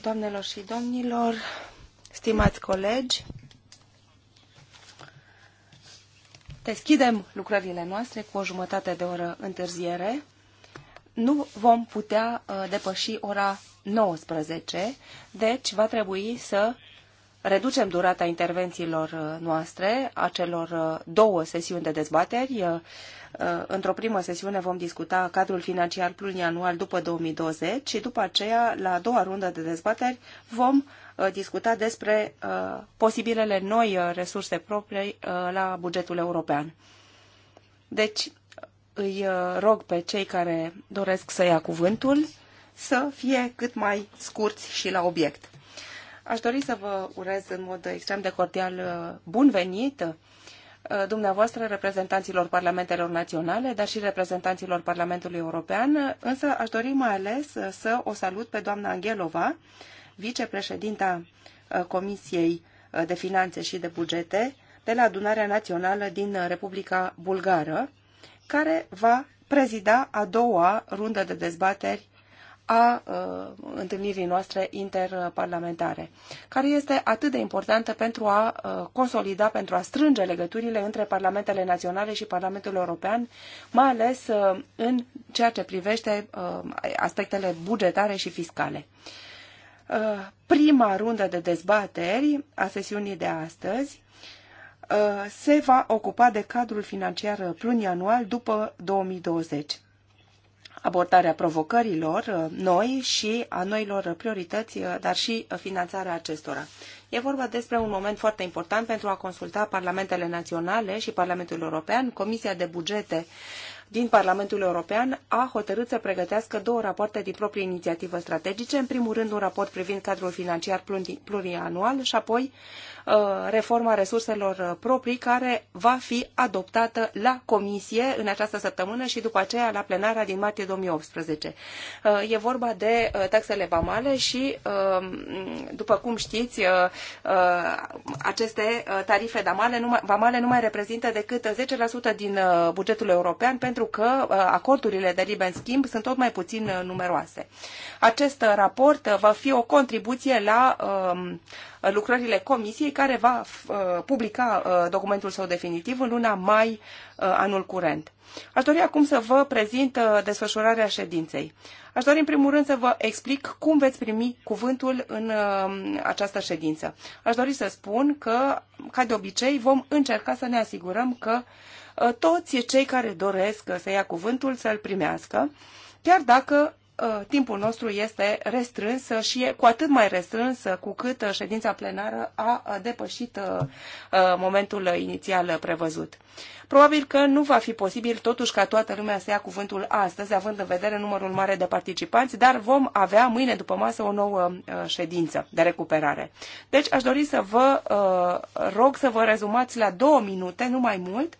Doamnelor și domnilor, stimați colegi, deschidem lucrările noastre cu o jumătate de oră întârziere. Nu vom putea uh, depăși ora 19, deci va trebui să reducem durata intervențiilor uh, noastre, a celor uh, două sesiuni de dezbateri. Uh, într-o primă sesiune vom discuta cadrul financiar plurianual după 2020 și după aceea, la a doua rundă de dezbateri, vom discuta despre posibilele noi resurse proprii la bugetul european. Deci, îi rog pe cei care doresc să ia cuvântul să fie cât mai scurți și la obiect. Aș dori să vă urez în mod extrem de cordial uh, bun venit uh, dumneavoastră reprezentanților parlamentelor naționale, dar și reprezentanților Parlamentului European, însă aș dori mai ales uh, să o salut pe doamna Angelova, vicepreședinta Comisiei de Finanțe și de Bugete de la Adunarea Națională din Republica Bulgară, care va prezida a doua rundă de dezbateri a uh, întâlnirii noastre interparlamentare, care este atât de importantă pentru a uh, consolida, pentru a strânge legăturile între parlamentele naționale și Parlamentul European, mai ales uh, în ceea ce privește uh, aspectele bugetare și fiscale. Uh, prima rundă de dezbateri a sesiunii de astăzi uh, se va ocupa de cadrul financiar plurianual după 2020 abordarea provocărilor uh, noi și a noilor priorități, uh, dar și finanțarea acestora. E vorba despre un moment foarte important pentru a consulta parlamentele naționale și Parlamentul European. Comisia de bugete din Parlamentul European a hotărât să pregătească două rapoarte din proprie inițiativă strategice. În primul rând, un raport privind cadrul financiar plurianual și apoi Uh, reforma resurselor proprii care va fi adoptată la comisie în această săptămână și după aceea la plenara din martie 2018. Uh, e vorba de uh, taxele vamale și, după cum știți, aceste tarife vamale nu mai reprezintă decât 10% din bugetul european pentru că acordurile de liber schimb sunt tot mai puțin numeroase. Acest raport va fi o contribuție la um, lucrările comisiei care va uh, publica uh, documentul său definitiv în luna mai uh, anul curent. Aș dori acum să vă prezint desfășurarea ședinței. Aș dori în primul rând să vă explic cum veți primi cuvântul în această ședință. Aș dori să spun că, ca de obicei, vom încerca să ne asigurăm că toți cei care doresc să ia cuvântul să-l primească, chiar dacă Uh, timpul nostru este restrâns și e cu atât mai restrâns cu cât uh, ședința plenară a uh, depășit momentul inițial prevăzut. Probabil că nu va fi posibil totuși ca toată lumea să ia cuvântul astăzi, având în vedere numărul mare de participanți, dar vom avea mâine după masă o nouă ședință de recuperare. Deci aș dori să vă rog să vă rezumați la două minute, nu mai mult,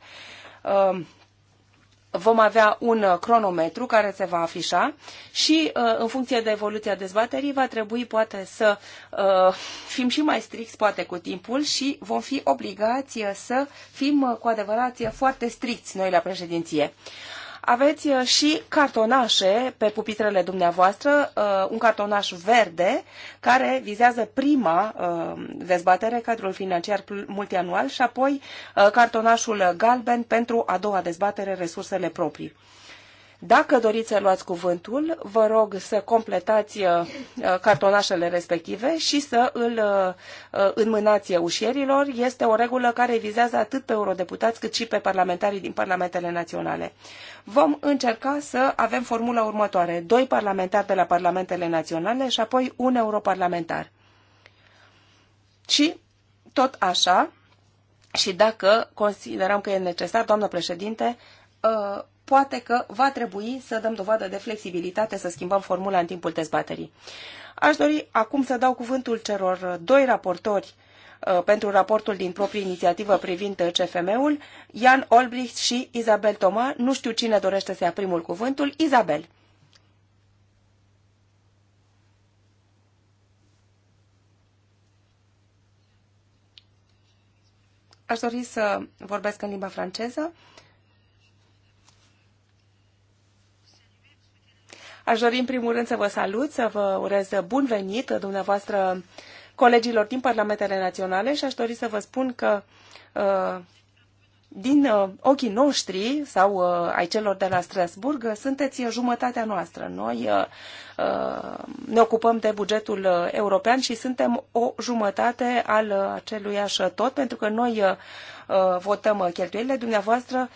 vom avea un uh, cronometru care se va afișa și uh, în funcție de evoluția dezbaterii va trebui poate să uh, fim și mai stricți poate cu timpul și vom fi obligați să fim cu adevărat foarte stricți noi la președinție. Aveți uh, și cartonașe pe pupitrele dumneavoastră, uh, un cartonaș verde care vizează prima uh, dezbatere, cadrul financiar multianual, și apoi cartonașul galben pentru a doua dezbatere, resursele proprii. Dacă doriți să luați cuvântul, vă rog să completați uh, uh, cartonașele respective și să îl uh, înmânați ușierilor. Este o regulă care vizează atât pe eurodeputați cât și pe parlamentarii din parlamentele naționale. Vom încerca să avem formula următoare. Doi parlamentari de la parlamentele naționale și apoi un europarlamentar. Și tot așa, și dacă considerăm că e necesar, doamnă președinte, poate că va trebui să dăm dovadă de flexibilitate, să schimbăm formula în timpul dezbaterii. Aș dori acum să dau cuvântul celor doi raportori uh, pentru raportul din proprie inițiativă privind CFM-ul, Jan Olbricht și Isabel Toma. Nu știu cine dorește să ia primul cuvântul. Isabel. Aș dori să vorbesc în limba franceză. Uh, Aș dori în primul rând să vă salut, să vă urez bun venit dumneavoastră colegilor din Parlamentele Naționale și aș dori să vă spun că uh, din uh, ochii noștri sau uh, ai celor de la Strasburg sunteți jumătatea noastră. Noi ne ocupăm de bugetul european și suntem o jumătate al aceluiași tot, pentru că noi votăm cheltuielile, dumneavoastră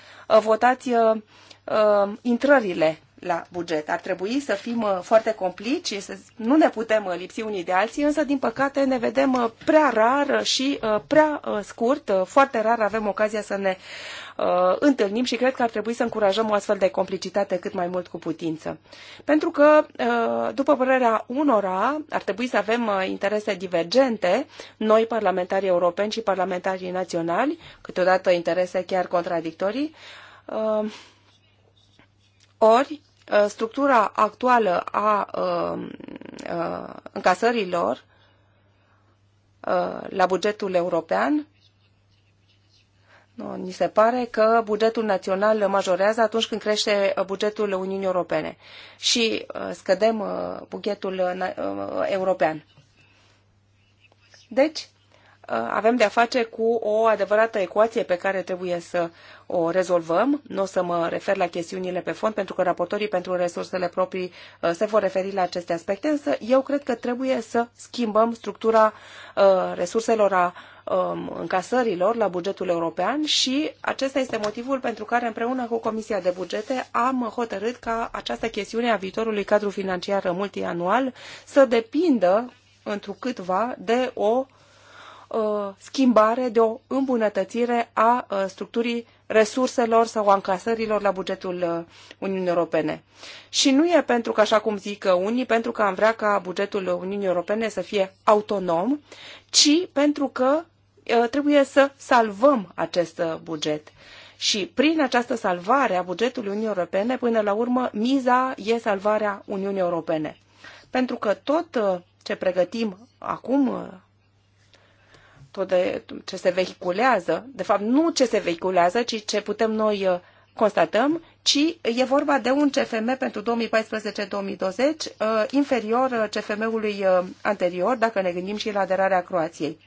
votați intrările la buget. Ar trebui să fim uh, foarte complici, și să nu ne putem uh, lipsi unii de alții, însă, din păcate, ne vedem uh, prea rar și prea scurt. Foarte rar avem ocazia să ne întâlnim și cred că ar trebui să încurajăm o astfel de complicitate cât mai mult cu putință. Pentru că, după părerea unora, ar trebui să avem interese divergente, noi parlamentarii europeni și parlamentarii naționali, câteodată interese chiar contradictorii, ori Uh, structura actuală a uh, uh, încasărilor la bugetul european, ni se pare că bugetul național majorează atunci când crește bugetul Uniunii Europene și scădem bugetul european. Deci, Uh, avem de-a face cu o adevărată ecuație pe care trebuie să o rezolvăm. Nu o să mă refer la chestiunile pe fond, pentru că raportorii pentru resursele proprii uh, se vor referi la aceste aspecte, însă eu cred că trebuie să schimbăm structura uh, resurselor a um, încasărilor la bugetul european și acesta este motivul pentru care împreună cu Comisia de Bugete am hotărât ca această chestiune a viitorului cadru financiar multianual să depindă întrucâtva de o Uh, schimbare, de o îmbunătățire a uh, structurii resurselor sau a încasărilor la bugetul uh, Uniunii Europene. Și nu e pentru că, așa cum zic unii, pentru că am vrea ca bugetul Uniunii Europene să fie autonom, ci pentru că trebuie să salvăm acest buget. Și prin această salvare a bugetului Uniunii Europene, până la urmă, miza e salvarea Uniunii Europene. Pentru că tot ce pregătim acum tot de ce se vehiculează, de fapt nu ce se vehiculează, ci ce putem noi uh, constatăm, ci e vorba de un CFM pentru 2014-2020 uh, inferior uh, CFM-ului anterior, dacă ne gândim și la aderarea Croației.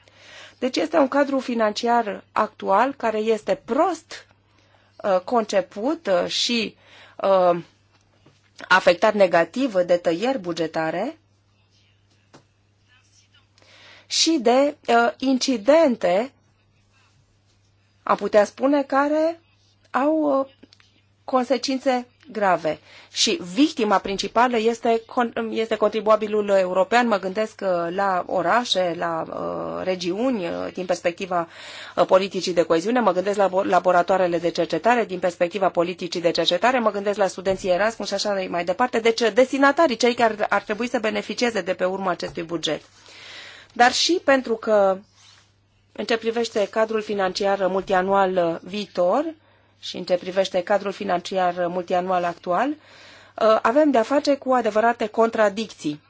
Deci este un cadru financiar actual care este prost conceput și afectat negativ de tăieri bugetare și de uh, incidente, am putea spune, care au uh, consecințe grave. Și victima principală este, um, este contribuabilul european. Mă gândesc uh, la orașe, la uh, regiuni, uh, din perspectiva uh, politicii de coeziune, mă gândesc la laboratoarele de cercetare, din perspectiva politicii de cercetare, mă gândesc la studenții Erasmus și așa mai departe. Deci, destinatarii, cei care ar trebui să beneficieze de pe urma acestui buget dar și pentru că în ce privește cadrul financiar multianual viitor și în ce privește cadrul financiar multianual actual, uh, avem de-a face cu adevărate contradicții.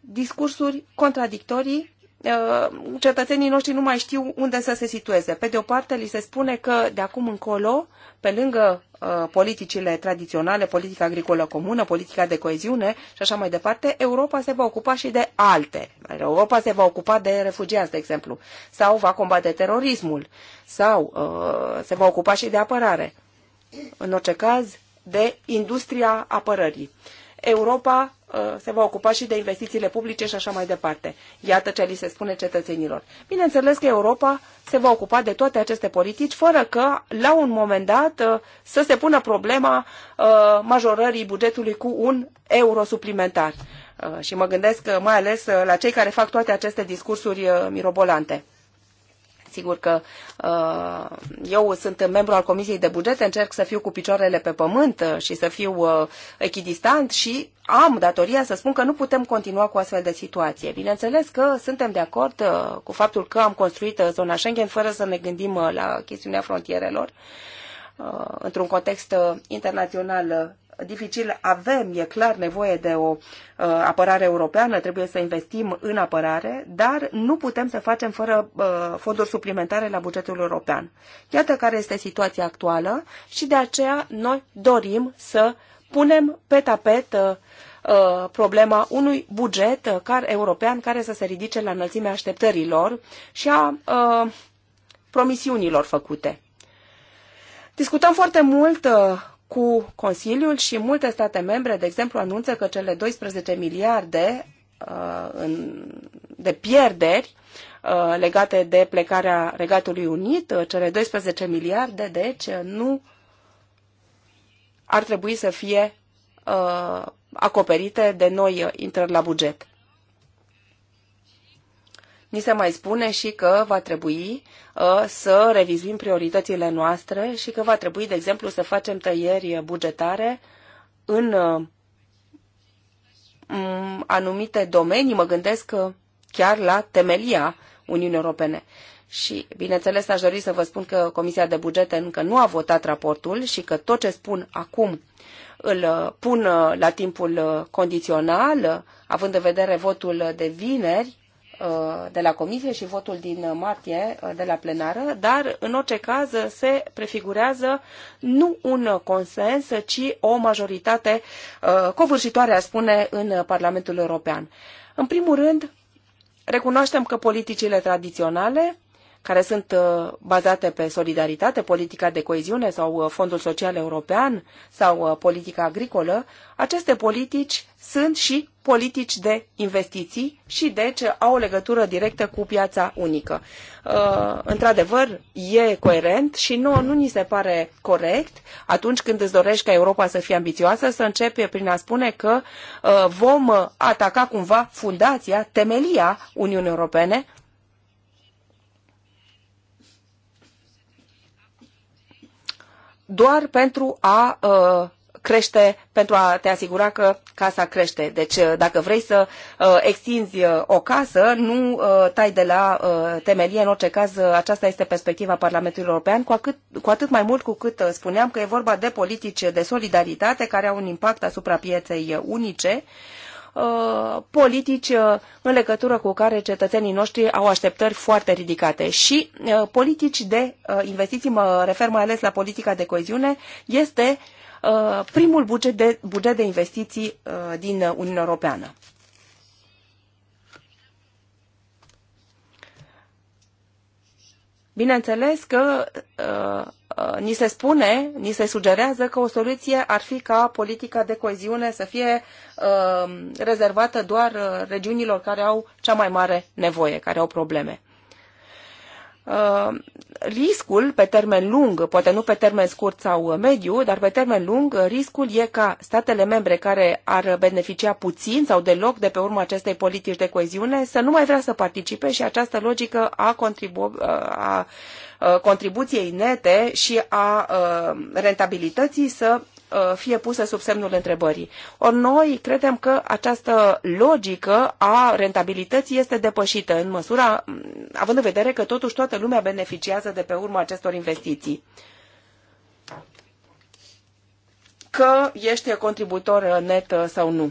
Discursuri contradictorii Uh, cetățenii noștri nu mai știu unde să se situeze. Pe de o parte, li se spune că de acum încolo, pe lângă uh, politicile tradiționale, politica agricolă comună, politica de coeziune și așa mai departe, Europa se va ocupa și de alte. Europa se va ocupa de refugiați, de exemplu, sau va combate terorismul, sau uh, se va ocupa și de apărare. În orice caz, de industria apărării. Europa Uh, se va ocupa și de investițiile publice și așa mai departe. Iată ce li se spune cetățenilor. Bineînțeles că Europa se va ocupa de toate aceste politici fără că, la un moment dat, uh, să se pună problema uh, majorării bugetului cu un euro suplimentar. Și mă gândesc mai ales la cei care fac toate aceste discursuri mirobolante sigur că uh, eu sunt membru al Comisiei de Bugete, încerc să fiu cu picioarele pe pământ uh, și să fiu uh, echidistant și am datoria să spun că nu putem continua cu astfel de situație. Bineînțeles că suntem de acord cu faptul că am construit zona Schengen fără să ne gândim la chestiunea frontierelor într-un context internațional dificil avem, e clar, nevoie de o uh, apărare europeană, trebuie să investim în apărare, dar nu putem să facem fără uh, fonduri suplimentare la bugetul european. Iată care este situația actuală și de aceea noi dorim să punem pe tapet uh, problema unui buget care, european care să se ridice la înălțimea așteptărilor și a, a promisiunilor făcute. Discutăm foarte mult cu Consiliul și multe state membre, de exemplu, anunță că cele 12 miliarde uh, de pierderi uh, legate de plecarea Regatului Unit, uh, cele 12 miliarde, deci nu ar trebui să fie acoperite de noi intrări la buget. Ni se mai spune și că va trebui uh, să revizuim prioritățile noastre și că va trebui, de exemplu, să facem tăieri bugetare în uh, anumite domenii, mă gândesc uh, chiar la temelia Uniunii Europene. Și, bineînțeles, aș dori să vă spun că Comisia de Bugete încă nu a votat raportul și că tot ce spun acum îl pun la timpul condițional, având în vedere votul de vineri, Uh, de la comisie și votul din martie uh, de la plenară, dar în orice caz se prefigurează nu un consens, ci o majoritate uh, covârșitoare, a spune, în Parlamentul European. În primul rând, recunoaștem că politicile tradiționale care sunt uh, bazate pe solidaritate, politica de coeziune sau uh, Fondul Social European sau uh, politica agricolă, aceste politici sunt și politici de investiții și deci au o legătură directă cu piața unică. Într-adevăr, e coerent și nu, nu ni se pare corect atunci când îți dorești ca Europa să fie ambițioasă, să începe prin a spune că vom ataca cumva fundația, temelia Uniunii Europene, doar pentru a uh, crește, pentru a te asigura că casa crește. Deci uh, dacă vrei să uh, extinzi o casă, nu tai de la temelie. În orice caz, aceasta este perspectiva Parlamentului European, cu, acât, cu atât mai mult cu cât spuneam că e vorba de politici de solidaritate care au un impact asupra pieței unice Uh, politici uh, în legătură cu care cetățenii noștri au așteptări foarte ridicate. Și uh, politici de investiții, mă refer mai ales la politica de coeziune, este primul buget de, buget de investiții din Uniunea Europeană. Bineînțeles că uh, Uh, ni se spune, ni se sugerează că o soluție ar fi ca politica de coeziune să fie uh, rezervată doar uh, regiunilor care au cea mai mare nevoie, care au probleme. Uh, riscul pe termen lung, poate nu pe termen scurt sau mediu, dar pe termen lung, riscul e ca statele membre care ar beneficia puțin sau deloc de pe urma acestei politici de coeziune să nu mai vrea să participe și această logică a, contribu- a Uh, contribuției nete și a uh, rentabilității să uh, fie pusă sub semnul întrebării. Or, noi credem că această logică a rentabilității este depășită în măsura, mm, având în vedere că totuși toată lumea beneficiază de pe urma acestor investiții. Că ești contributor net sau nu.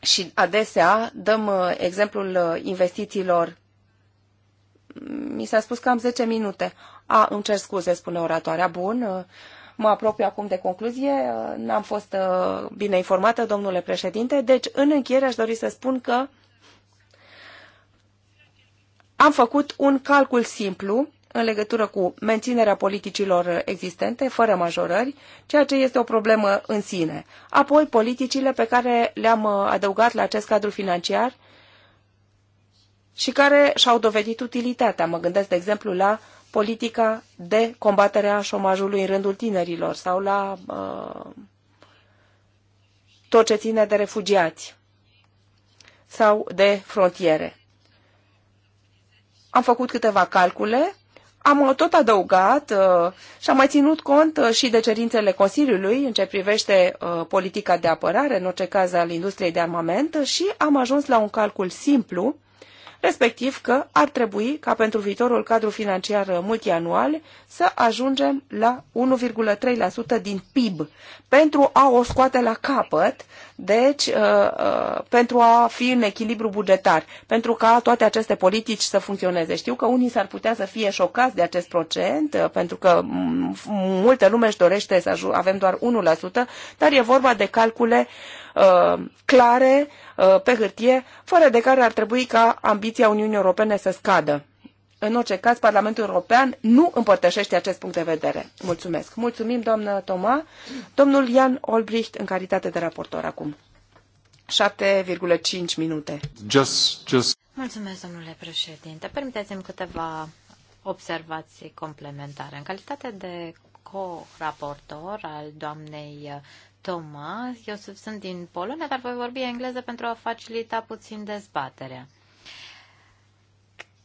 Și adesea dăm exemplul investițiilor mi s-a spus că am 10 minute. A, îmi cer scuze, spune oratoarea. Bun, uh, mă apropiu acum de concluzie. Uh, n-am fost uh, bine informată, domnule președinte. Deci, în încheiere, aș dori să spun că am făcut un calcul simplu în legătură cu menținerea politicilor existente, fără majorări, ceea ce este o problemă în sine. Apoi, politicile pe care le-am adăugat la acest cadru financiar, și care și-au dovedit utilitatea. Mă gândesc, de exemplu, la politica de combatere a șomajului în rândul tinerilor sau la uh, tot ce ține de refugiați sau de frontiere. Am făcut câteva calcule, am tot adăugat uh, și am mai ținut cont uh, și de cerințele Consiliului în ce privește uh, politica de apărare, în orice caz al industriei de armament, și am ajuns la un calcul simplu respectiv că ar trebui ca pentru viitorul cadru financiar multianual să ajungem la 1,3% din PIB pentru a o scoate la capăt, deci uh, uh, pentru a fi în echilibru bugetar, pentru ca toate aceste politici să funcționeze. Știu că unii s-ar putea să fie șocați de acest procent, uh, pentru că mm, multă lume își dorește să avem doar 1%, dar e vorba de calcule uh, Uh, clare uh, pe hârtie, fără de care ar trebui ca ambiția Uniunii Europene să scadă. În orice caz, Parlamentul European nu împărtășește acest punct de vedere. Mulțumesc. Mulțumim, doamnă Toma. Domnul Ian Olbricht, în calitate de raportor acum. 7,5 minute. Just, just... Mulțumesc, domnule președinte. Permiteți-mi câteva observații complementare. În calitate de co-raportor al doamnei Toma, eu sunt din Polonia, dar voi vorbi engleză pentru a facilita puțin dezbaterea.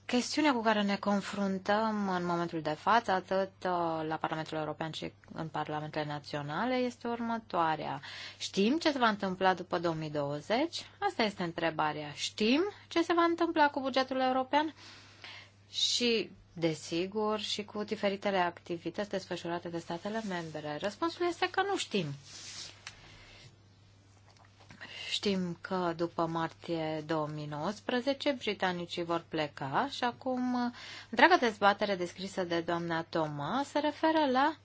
Chestiunea cu care ne confruntăm în momentul de față, atât uh, la Parlamentul European cât în Parlamentele Naționale, este următoarea. Știm ce se va întâmpla după 2020? Asta este întrebarea. Știm ce se va întâmpla cu bugetul european? Și, desigur, și cu diferitele activități desfășurate de statele membre. Răspunsul este că nu știm. Știm că după martie 2019 britanicii vor pleca și acum întreaga dezbatere descrisă de doamna Toma se referă la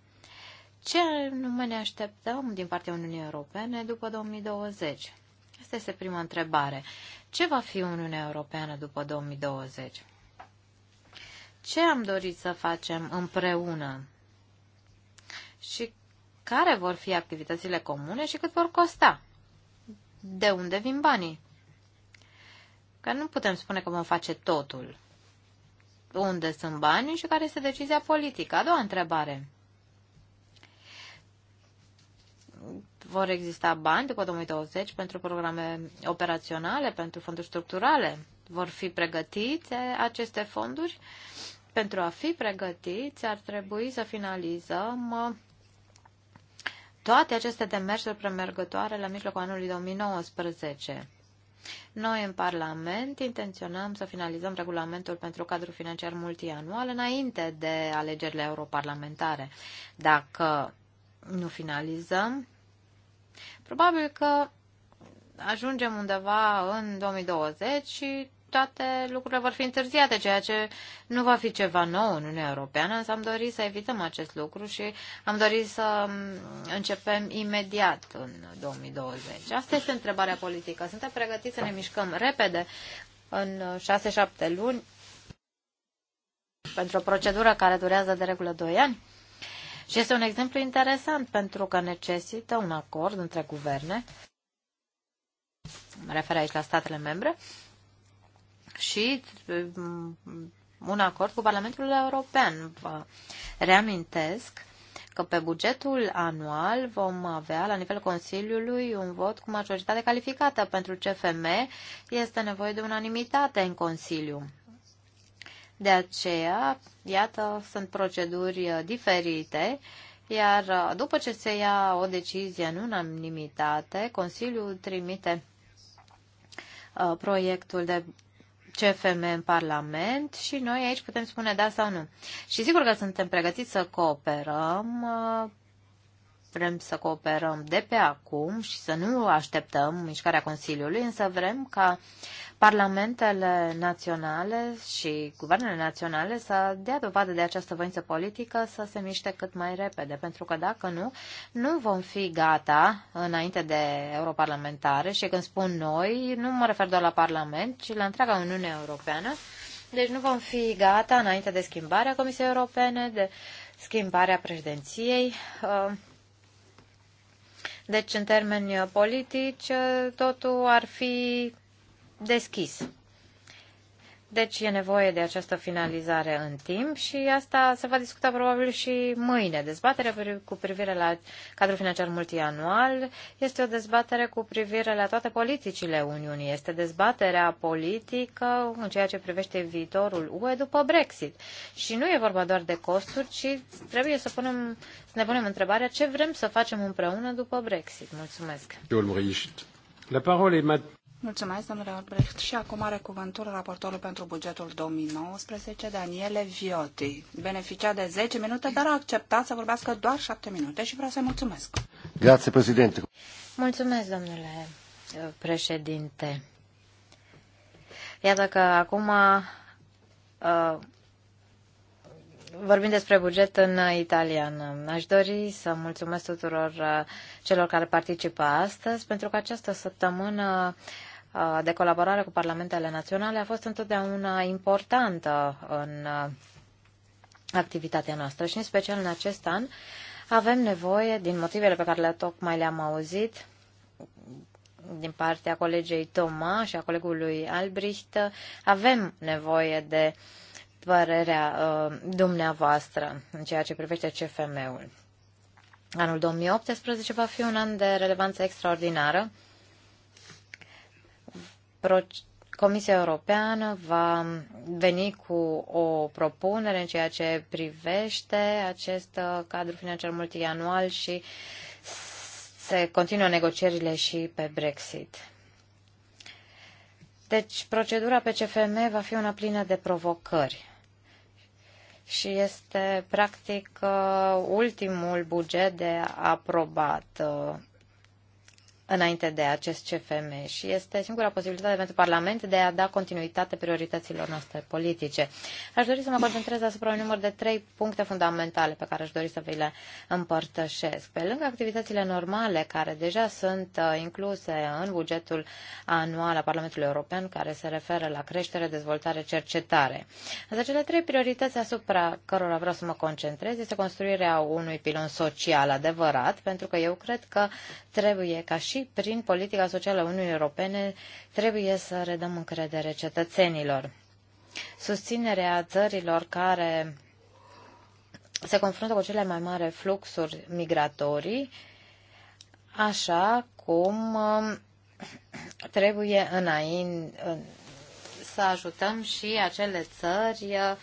ce nume ne așteptăm din partea Uniunii Europene după 2020. Asta este prima întrebare. Ce va fi Uniunea Europeană după 2020? Ce am dorit să facem împreună? Și care vor fi activitățile comune și cât vor costa? de unde vin banii. Că nu putem spune că vom face totul. Unde sunt banii și care este decizia politică? A doua întrebare. Vor exista bani după 2020 pentru programe operaționale, pentru fonduri structurale? Vor fi pregătite aceste fonduri? Pentru a fi pregătiți ar trebui să finalizăm toate aceste demersuri premergătoare la mijlocul anului 2019. Noi în Parlament intenționăm să finalizăm regulamentul pentru cadrul financiar multianual înainte de alegerile europarlamentare. Dacă nu finalizăm, probabil că ajungem undeva în 2020 și toate lucrurile vor fi întârziate, ceea ce nu va fi ceva nou în Uniunea Europeană, însă am dorit să evităm acest lucru și am dorit să mm, începem imediat în 2020. Asta este întrebarea politică. Suntem pregătiți să ne mișcăm repede în 6-7 luni pentru o procedură care durează de regulă 2 ani? Și este un exemplu interesant pentru că necesită un acord între guverne, mă refer aici la statele membre, și mm, un acord cu Parlamentul European. Vă reamintesc că pe bugetul anual vom avea la nivelul Consiliului un vot cu majoritate calificată. Pentru CFM este nevoie de unanimitate în Consiliu. De aceea, iată, sunt proceduri diferite, iar după ce se ia o decizie în unanimitate, Consiliul trimite uh, proiectul de CFM în Parlament și noi aici putem spune da sau nu. Și sigur că suntem pregătiți să cooperăm uh, Vrem să cooperăm de pe acum și să nu așteptăm mișcarea Consiliului, însă vrem ca parlamentele naționale și guvernele naționale să dea dovadă de această voință politică să se miște cât mai repede, pentru că dacă nu, nu vom fi gata înainte de europarlamentare și când spun noi, nu mă refer doar la Parlament, ci la întreaga Uniune Europeană, deci nu vom fi gata înainte de schimbarea Comisiei Europene, de schimbarea președinției uh, deci, în termeni politici, totul ar fi deschis. Deci e nevoie de această finalizare în timp și asta se va discuta probabil și mâine. Dezbaterea cu privire la cadrul financiar multianual este o dezbatere cu privire la toate politicile Uniunii. Este dezbaterea politică în ceea ce privește viitorul UE după Brexit. Și nu e vorba doar de costuri, ci trebuie să, punem, să ne punem întrebarea ce vrem să facem împreună după Brexit. Mulțumesc. La parole Mulțumesc, domnule Albrecht. Și acum are cuvântul raportorul pentru bugetul 2019, Daniele Vioti. Beneficia de 10 minute, dar a acceptat să vorbească doar 7 minute și vreau să-i mulțumesc. Grazie, președinte. Mulțumesc, domnule uh, președinte. Iată că acum uh, vorbim despre buget în italiană. Aș dori să mulțumesc tuturor uh, celor care participă astăzi, pentru că această săptămână uh, Uh, de colaborare cu parlamentele naționale a fost întotdeauna importantă în uh, activitatea noastră și în special în acest an avem nevoie, din motivele pe care le tocmai le-am auzit, din partea colegei Toma și a colegului Albrecht, avem nevoie de părerea uh, dumneavoastră în ceea ce privește CFM-ul. Anul 2018 va fi un an de relevanță extraordinară Comisia Europeană va veni cu o propunere în ceea ce privește acest uh, cadru financiar multianual și se continuă negocierile și pe Brexit. Deci, procedura pe CFM va fi una plină de provocări și este, practic, uh, ultimul buget de aprobat uh, înainte de acest CFM și este singura posibilitate pentru Parlament de a da continuitate priorităților noastre politice. Aș dori să mă concentrez asupra un număr de trei puncte fundamentale pe care aș dori să vi le împărtășesc. Pe lângă activitățile normale care deja sunt uh, incluse în bugetul anual al Parlamentului European care se referă la creștere, dezvoltare, cercetare. Însă cele trei priorități asupra cărora vreau să mă concentrez este construirea unui pilon social adevărat pentru că eu cred că trebuie ca și și prin politica socială a Uniunii Europene trebuie să redăm încredere cetățenilor. Susținerea țărilor care se confruntă cu cele mai mari fluxuri migratorii, așa cum um, trebuie înainte să ajutăm și acele țări uh,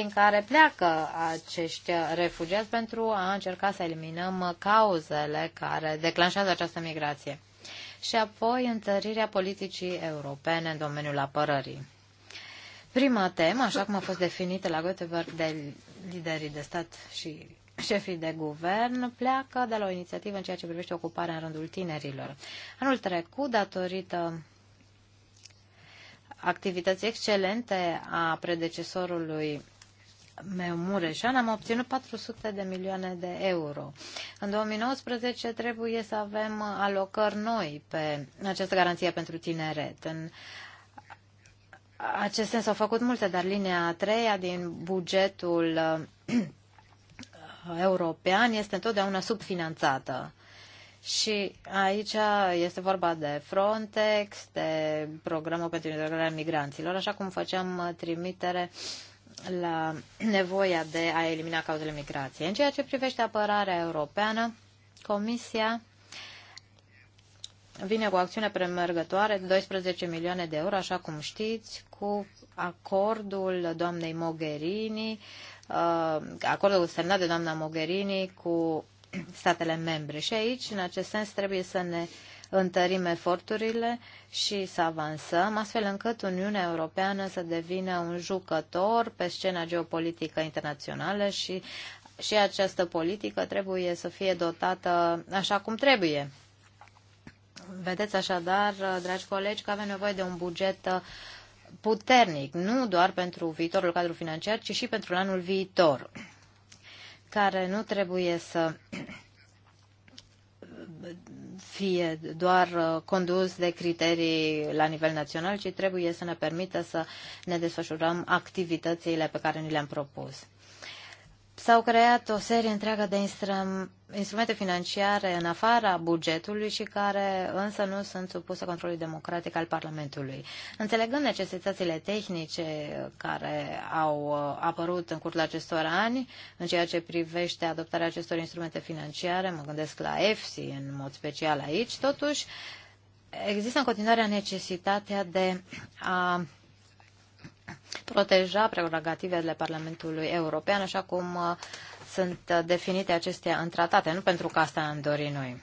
din care pleacă acești refugiați pentru a încerca să eliminăm cauzele care declanșează această migrație. Și apoi întărirea politicii europene în domeniul apărării. Prima temă, așa cum a fost definită la Göteborg de liderii de stat și șefii de guvern pleacă de la o inițiativă în ceea ce privește ocuparea în rândul tinerilor. Anul trecut, datorită activității excelente a predecesorului meu Mureșan am obținut 400 de milioane de euro. În 2019 trebuie să avem alocări noi pe această garanție pentru tineret. În acest sens au făcut multe, dar linia a treia din bugetul uh, european este întotdeauna subfinanțată. Și aici este vorba de Frontex, de programul pentru integrarea migranților, așa cum făceam trimitere uh, la nevoia de a elimina cauzele migrației. În ceea ce privește apărarea europeană, Comisia vine cu o acțiune premergătoare de 12 milioane de euro, așa cum știți, cu acordul doamnei Mogherini, uh, acordul semnat de doamna Mogherini cu statele membre. Și aici, în acest sens, trebuie să ne uh, întărim eforturile și să avansăm, astfel încât Uniunea Europeană să devină un jucător pe scena geopolitică internațională și și această politică trebuie să fie dotată așa cum trebuie. Vedeți așadar, dragi colegi, că avem nevoie de un buget puternic, nu doar pentru viitorul cadru financiar, ci și pentru anul viitor, care nu trebuie să fie doar uh, condus de criterii la nivel național, ci trebuie să ne permită să ne desfășurăm activitățile pe care ni le-am propus s-au creat o serie întreagă de instrumente financiare în afara bugetului și care însă nu sunt supuse controlului democratic al Parlamentului. Înțelegând necesitățile tehnice care au uh, apărut în cursul acestor ani, în ceea ce privește adoptarea acestor instrumente financiare, mă gândesc la EFSI în mod special aici, totuși există în continuare necesitatea de a proteja prerogativele Parlamentului European, așa cum uh, sunt definite acestea în tratate, nu pentru că asta am dorit noi.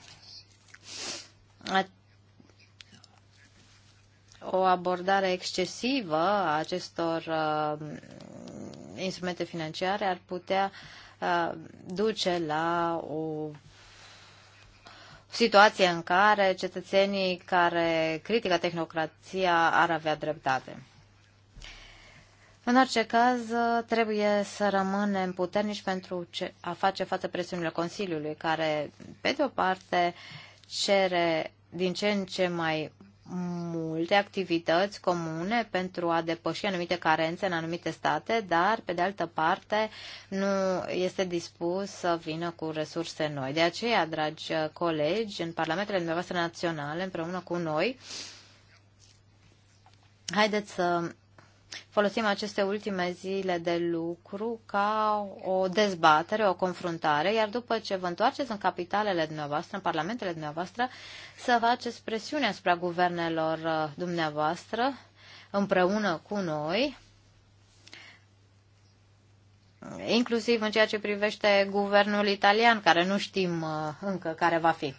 O abordare excesivă a acestor uh, instrumente financiare ar putea uh, duce la o situație în care cetățenii care critică tehnocrația ar avea dreptate. În orice caz, trebuie să rămânem puternici pentru a face față presiunile Consiliului, care, pe de o parte, cere din ce în ce mai multe activități comune pentru a depăși anumite carențe în anumite state, dar, pe de altă parte, nu este dispus să vină cu resurse noi. De aceea, dragi colegi, în parlamentele dumneavoastră naționale, împreună cu noi, haideți să folosim aceste ultime zile de lucru ca o dezbatere, o confruntare, iar după ce vă întoarceți în capitalele dumneavoastră, în parlamentele dumneavoastră, să faceți presiune asupra guvernelor uh, dumneavoastră împreună cu noi, inclusiv în ceea ce privește guvernul italian, care nu știm uh, încă care va fi.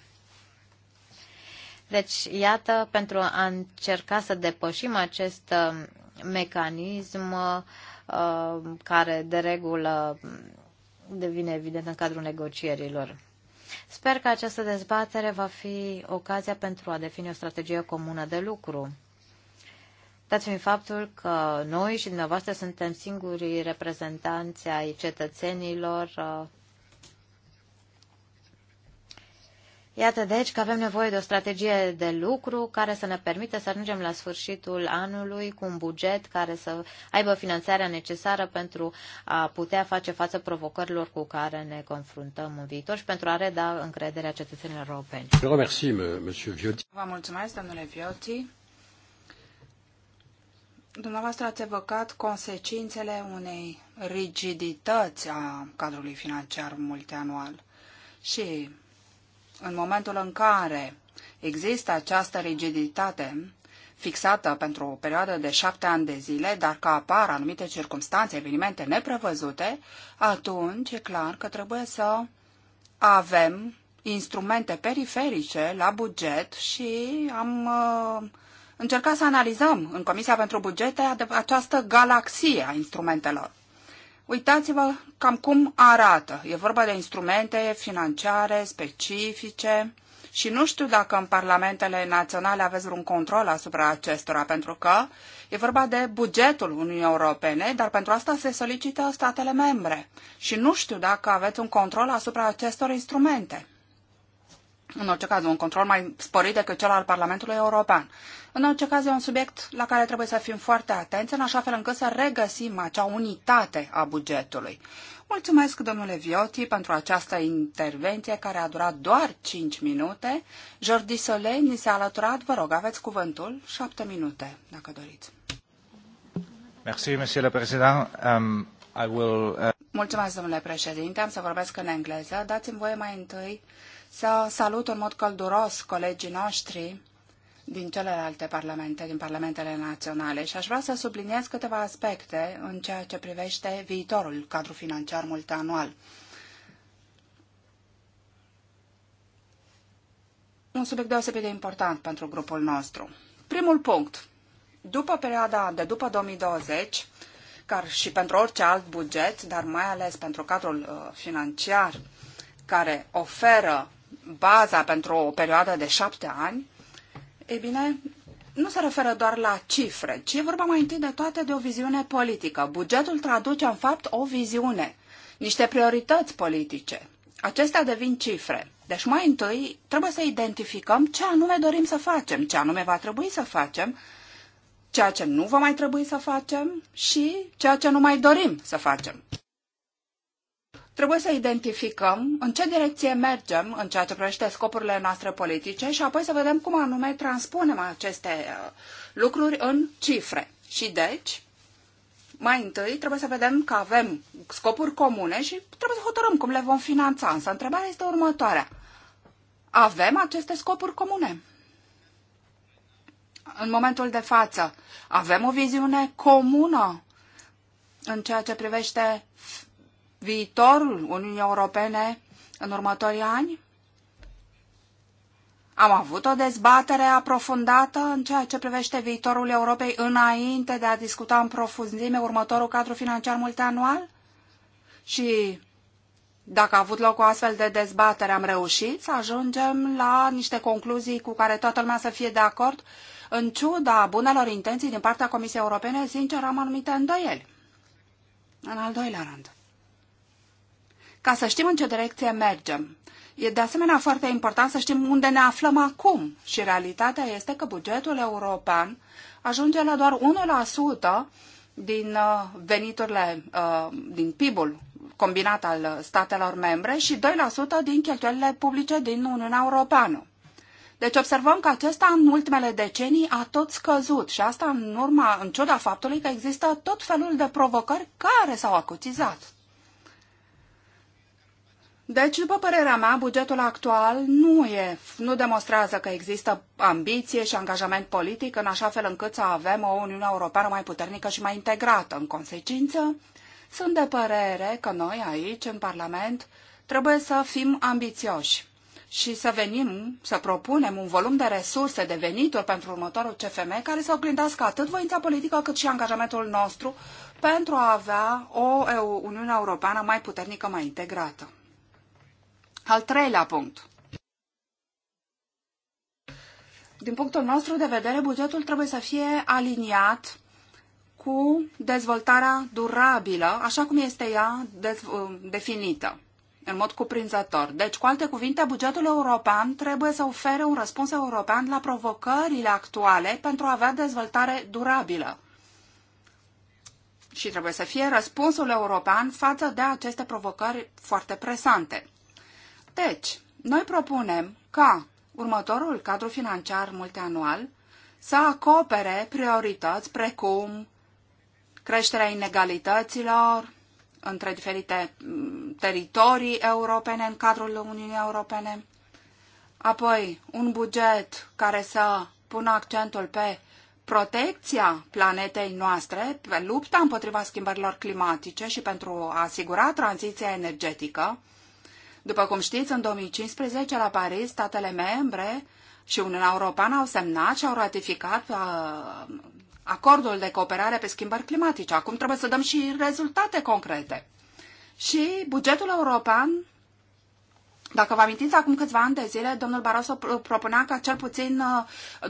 Deci, iată, pentru a încerca să depășim acest uh, mecanism uh, care de regulă devine evident în cadrul negocierilor. Sper că această dezbatere va fi ocazia pentru a defini o strategie comună de lucru. Dați fiind faptul că noi și dumneavoastră suntem singurii reprezentanți ai cetățenilor uh, Iată deci că avem nevoie de o strategie de lucru care să ne permită să ajungem la sfârșitul anului cu un buget care să aibă finanțarea necesară pentru a putea face față provocărilor cu care ne confruntăm în viitor și pentru a reda încrederea cetățenilor europeni. Vă mulțumesc, domnule Vioti. Dumneavoastră ați evocat consecințele unei rigidități a cadrului financiar multianual și în momentul în care există această rigiditate fixată pentru o perioadă de șapte ani de zile, dar că apar anumite circunstanțe, evenimente neprevăzute, atunci e clar că trebuie să avem instrumente periferice la buget și am uh, încercat să analizăm în Comisia pentru Bugete această galaxie a instrumentelor. Uitați-vă cam cum arată. E vorba de instrumente financiare specifice și nu știu dacă în parlamentele naționale aveți vreun control asupra acestora, pentru că e vorba de bugetul Uniunii Europene, dar pentru asta se solicită statele membre. Și nu știu dacă aveți un control asupra acestor instrumente. În orice caz, un control mai sporit decât cel al Parlamentului European. În orice caz, e un subiect la care trebuie să fim foarte atenți, în așa fel încât să regăsim acea unitate a bugetului. Mulțumesc, domnule Vioti, pentru această intervenție care a durat doar 5 minute. Jordi Sole ni s-a alăturat. Vă rog, aveți cuvântul. 7 minute, dacă doriți. Merci, monsieur le président. Um, I will, uh... Mulțumesc, domnule președinte. Am să vorbesc în engleză. Dați-mi voie mai întâi să salut în mod călduros colegii noștri din celelalte parlamente, din parlamentele naționale. Și aș vrea să subliniez câteva aspecte în ceea ce privește viitorul cadru financiar multianual. Un subiect deosebit de important pentru grupul nostru. Primul punct. După perioada de după 2020, care și pentru orice alt buget, dar mai ales pentru cadrul uh, financiar care oferă baza pentru o perioadă de șapte ani, ei bine, nu se referă doar la cifre, ci e vorba mai întâi de toate de o viziune politică. Bugetul traduce în fapt o viziune, niște priorități politice. Acestea devin cifre. Deci mai întâi trebuie să identificăm ce anume dorim să facem, ce anume va trebui să facem, ceea ce nu va mai trebui să facem și ceea ce nu mai dorim să facem trebuie să identificăm în ce direcție mergem în ceea ce privește scopurile noastre politice și apoi să vedem cum anume transpunem aceste uh, lucruri în cifre. Și deci, mai întâi trebuie să vedem că avem scopuri comune și trebuie să hotărâm cum le vom finanța. Însă întrebarea este următoarea. Avem aceste scopuri comune? În momentul de față, avem o viziune comună în ceea ce privește viitorul Uniunii Europene în următorii ani? Am avut o dezbatere aprofundată în ceea ce privește viitorul Europei înainte de a discuta în profunzime următorul cadru financiar multianual? Și dacă a avut loc o astfel de dezbatere, am reușit să ajungem la niște concluzii cu care toată lumea să fie de acord? În ciuda bunelor intenții din partea Comisiei Europene, sincer, am anumite îndoieli. În al doilea rând ca să știm în ce direcție mergem. E de asemenea foarte important să știm unde ne aflăm acum și realitatea este că bugetul european ajunge la doar 1% din uh, veniturile, uh, din PIB-ul combinat al statelor membre și 2% din cheltuielile publice din Uniunea Europeană. Deci observăm că acesta în ultimele decenii a tot scăzut și asta în urma, în ciuda faptului că există tot felul de provocări care s-au acutizat. Deci, după părerea mea, bugetul actual nu, e, nu demonstrează că există ambiție și angajament politic în așa fel încât să avem o Uniune Europeană mai puternică și mai integrată. În consecință, sunt de părere că noi aici, în Parlament, trebuie să fim ambițioși și să venim, să propunem un volum de resurse, de venituri pentru următorul CFM care să oglindească atât voința politică cât și angajamentul nostru pentru a avea o Uniune Europeană mai puternică, mai integrată. Al treilea punct. Din punctul nostru de vedere, bugetul trebuie să fie aliniat cu dezvoltarea durabilă, așa cum este ea uh, definită în mod cuprinzător. Deci, cu alte cuvinte, bugetul european trebuie să ofere un răspuns european la provocările actuale pentru a avea dezvoltare durabilă. Și trebuie să fie răspunsul european față de aceste provocări foarte presante. Deci, noi propunem ca următorul cadru financiar multianual să acopere priorități precum creșterea inegalităților între diferite mm, teritorii europene în cadrul Uniunii Europene, apoi un buget care să pună accentul pe protecția planetei noastre, pe lupta împotriva schimbărilor climatice și pentru a asigura tranziția energetică, după cum știți, în 2015 la Paris, statele membre și Uniunea Europeană au semnat și au ratificat uh, acordul de cooperare pe schimbări climatice. Acum trebuie să dăm și rezultate concrete. Și bugetul european dacă vă amintiți, acum câțiva ani de zile, domnul Barroso propunea ca cel puțin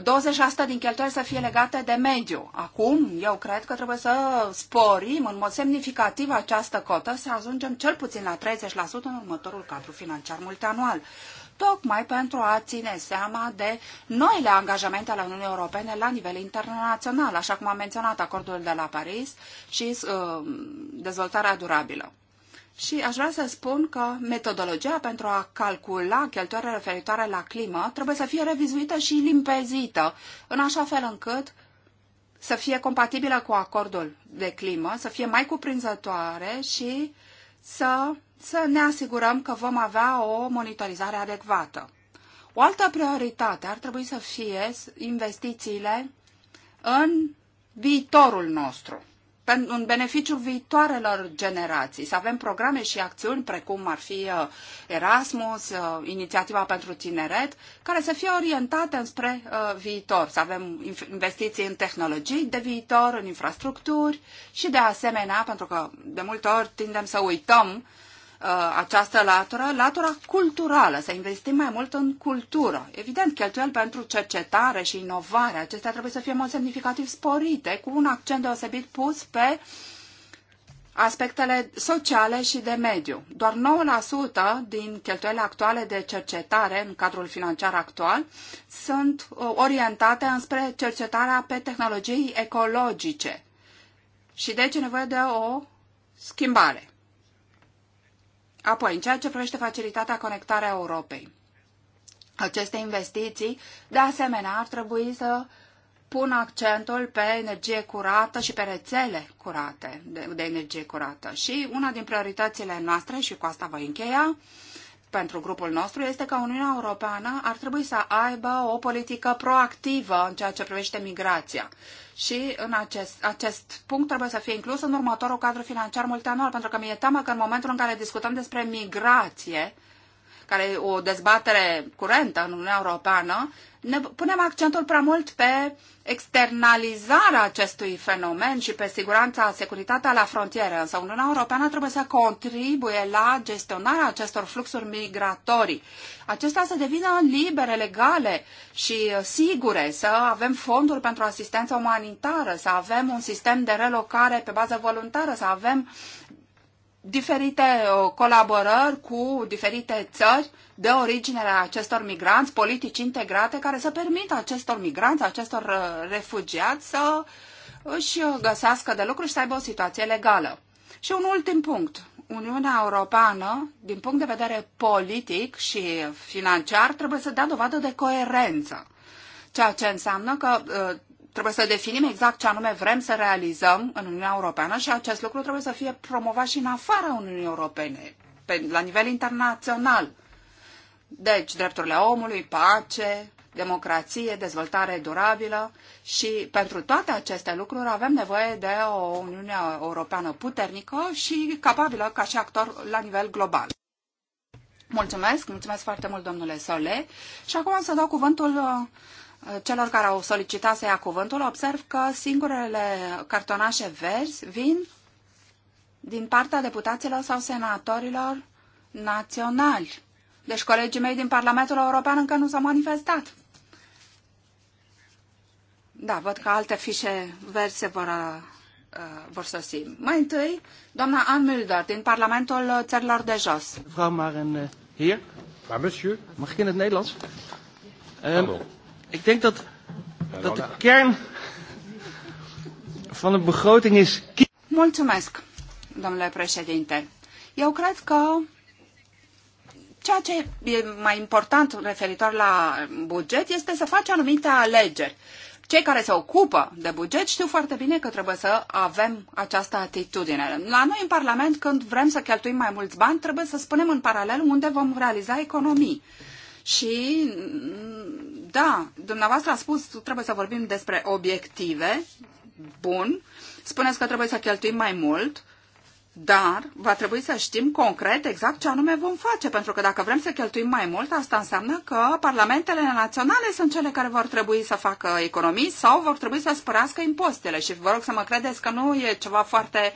20% uh, din cheltuieli să fie legate de mediu. Acum, eu cred că trebuie să sporim în mod semnificativ această cotă, să ajungem cel puțin la 30% în următorul cadru financiar multianual tocmai pentru a ține seama de noile angajamente ale Uniunii Europene la nivel internațional, așa cum am menționat acordul de la Paris și uh, dezvoltarea durabilă. Și aș vrea să spun că metodologia pentru a calcula cheltuielile referitoare la climă trebuie să fie revizuită și limpezită, în așa fel încât să fie compatibilă cu acordul de climă, să fie mai cuprinzătoare și să, să ne asigurăm că vom avea o monitorizare adecvată. O altă prioritate ar trebui să fie investițiile în viitorul nostru în beneficiul viitoarelor generații, să avem programe și acțiuni precum ar fi uh, Erasmus, uh, inițiativa pentru tineret, care să fie orientate înspre uh, viitor, să avem investiții în tehnologii de viitor, în infrastructuri și de asemenea, pentru că de multe ori tindem să uităm Uh, această latură, latura culturală, să investim mai mult în cultură. Evident, cheltuieli pentru cercetare și inovare, acestea trebuie să fie mai semnificativ sporite, cu un accent deosebit pus pe aspectele sociale și de mediu. Doar 9% din cheltuielile actuale de cercetare în cadrul financiar actual sunt uh, orientate înspre cercetarea pe tehnologii ecologice. Și deci e nevoie de o schimbare. Apoi, în ceea ce privește facilitatea conectarea Europei, aceste investiții, de asemenea, ar trebui să pun accentul pe energie curată și pe rețele curate de, de energie curată. Și una din prioritățile noastre, și cu asta voi încheia, pentru grupul nostru este că Uniunea Europeană ar trebui să aibă o politică proactivă în ceea ce privește migrația. Și în acest, acest punct trebuie să fie inclus în următorul cadru financiar multianual, pentru că mi-e teamă că în momentul în care discutăm despre migrație, care e o dezbatere curentă în Uniunea Europeană, ne punem accentul prea mult pe externalizarea acestui fenomen și pe siguranța, securitatea la frontieră. Însă Uniunea Europeană trebuie să contribuie la gestionarea acestor fluxuri migratorii. Acestea să devină libere, legale și sigure, să avem fonduri pentru asistență umanitară, să avem un sistem de relocare pe bază voluntară, să avem diferite uh, colaborări cu diferite țări de origine a acestor migranți, politici integrate care să permită acestor migranți, acestor uh, refugiați să își uh, găsească de lucru și să aibă o situație legală. Și un ultim punct. Uniunea Europeană, din punct de vedere politic și financiar, trebuie să dea dovadă de coerență. Ceea ce înseamnă că Trebuie să definim exact ce anume vrem să realizăm în Uniunea Europeană și acest lucru trebuie să fie promovat și în afara Uniunii Europene, pe, la nivel internațional. Deci, drepturile omului, pace, democrație, dezvoltare durabilă și pentru toate aceste lucruri avem nevoie de o Uniune Europeană puternică și capabilă ca și actor la nivel global. Mulțumesc, mulțumesc foarte mult, domnule Sole. Și acum să dau cuvântul uh, celor care au solicitat să ia cuvântul, observ că singurele cartonașe verzi vin din partea deputaților sau senatorilor naționali. Deci colegii mei din Parlamentul European încă nu s-au manifestat. Da, văd că alte fișe verzi se vor, uh, vor sosi. Mai întâi, doamna Ann Mulder, din Parlamentul Țărilor de Jos. Vreau maar în... Eh, hier? Maar monsieur. Mag ik in het Nederlands? Um, Ik denk dat, dat de kern van de begroting is... Mulțumesc, domnule președinte. Eu cred că ceea ce e mai important referitor la buget este să faci anumite alegeri. Cei care se ocupă de buget știu foarte bine că trebuie să avem această atitudine. La noi în Parlament, când vrem să cheltuim mai mulți bani, trebuie să spunem în paralel unde vom realiza economii. Și da, dumneavoastră a spus, trebuie să vorbim despre obiective. Bun. Spuneți că trebuie să cheltuim mai mult. Dar va trebui să știm concret exact ce anume vom face, pentru că dacă vrem să cheltuim mai mult, asta înseamnă că parlamentele naționale sunt cele care vor trebui să facă economii sau vor trebui să spărească impostele. Și vă rog să mă credeți că nu e ceva foarte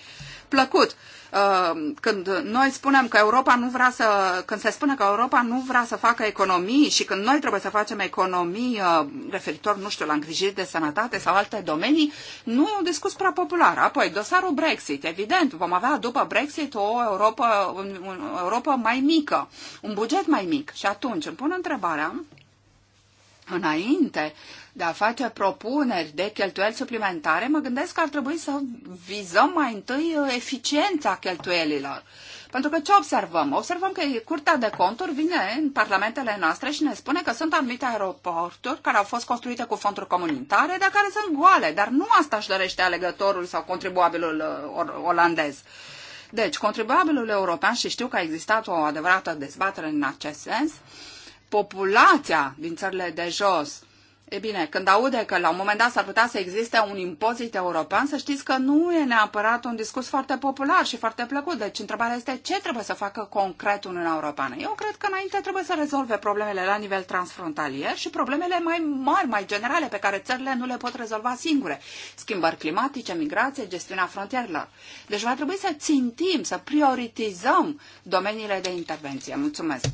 plăcut. Uh, când noi spunem că Europa nu vrea să, când se spune că Europa nu vrea să facă economii și când noi trebuie să facem economii uh, referitor, nu știu, la îngrijiri de sănătate sau alte domenii, nu e un discurs prea popular. Apoi, dosarul Brexit, evident, vom avea după Brexit o Europa, o Europa mai mică, un buget mai mic. Și atunci îmi pun întrebarea, înainte de a face propuneri de cheltuieli suplimentare, mă gândesc că ar trebui să vizăm mai întâi uh, eficiența cheltuielilor. Pentru că ce observăm? Observăm că Curtea de Conturi vine în parlamentele noastre și ne spune că sunt anumite aeroporturi care au fost construite cu fonduri comunitare, dar care sunt goale. Dar nu asta își dorește alegătorul sau contribuabilul uh, olandez. Deci, contribuabilul european, și știu că a existat o adevărată dezbatere în acest sens, populația din țările de jos, E bine, când aude că la un moment dat s-ar putea să existe un impozit european, să știți că nu e neapărat un discurs foarte popular și foarte plăcut. Deci întrebarea este ce trebuie să facă concret Uniunea Europeană. Eu cred că înainte trebuie să rezolve problemele la nivel transfrontalier și problemele mai mari, mai generale, pe care țările nu le pot rezolva singure. Schimbări climatice, migrație, gestiunea frontierelor. Deci va trebui să țintim, să prioritizăm domeniile de intervenție. Mulțumesc!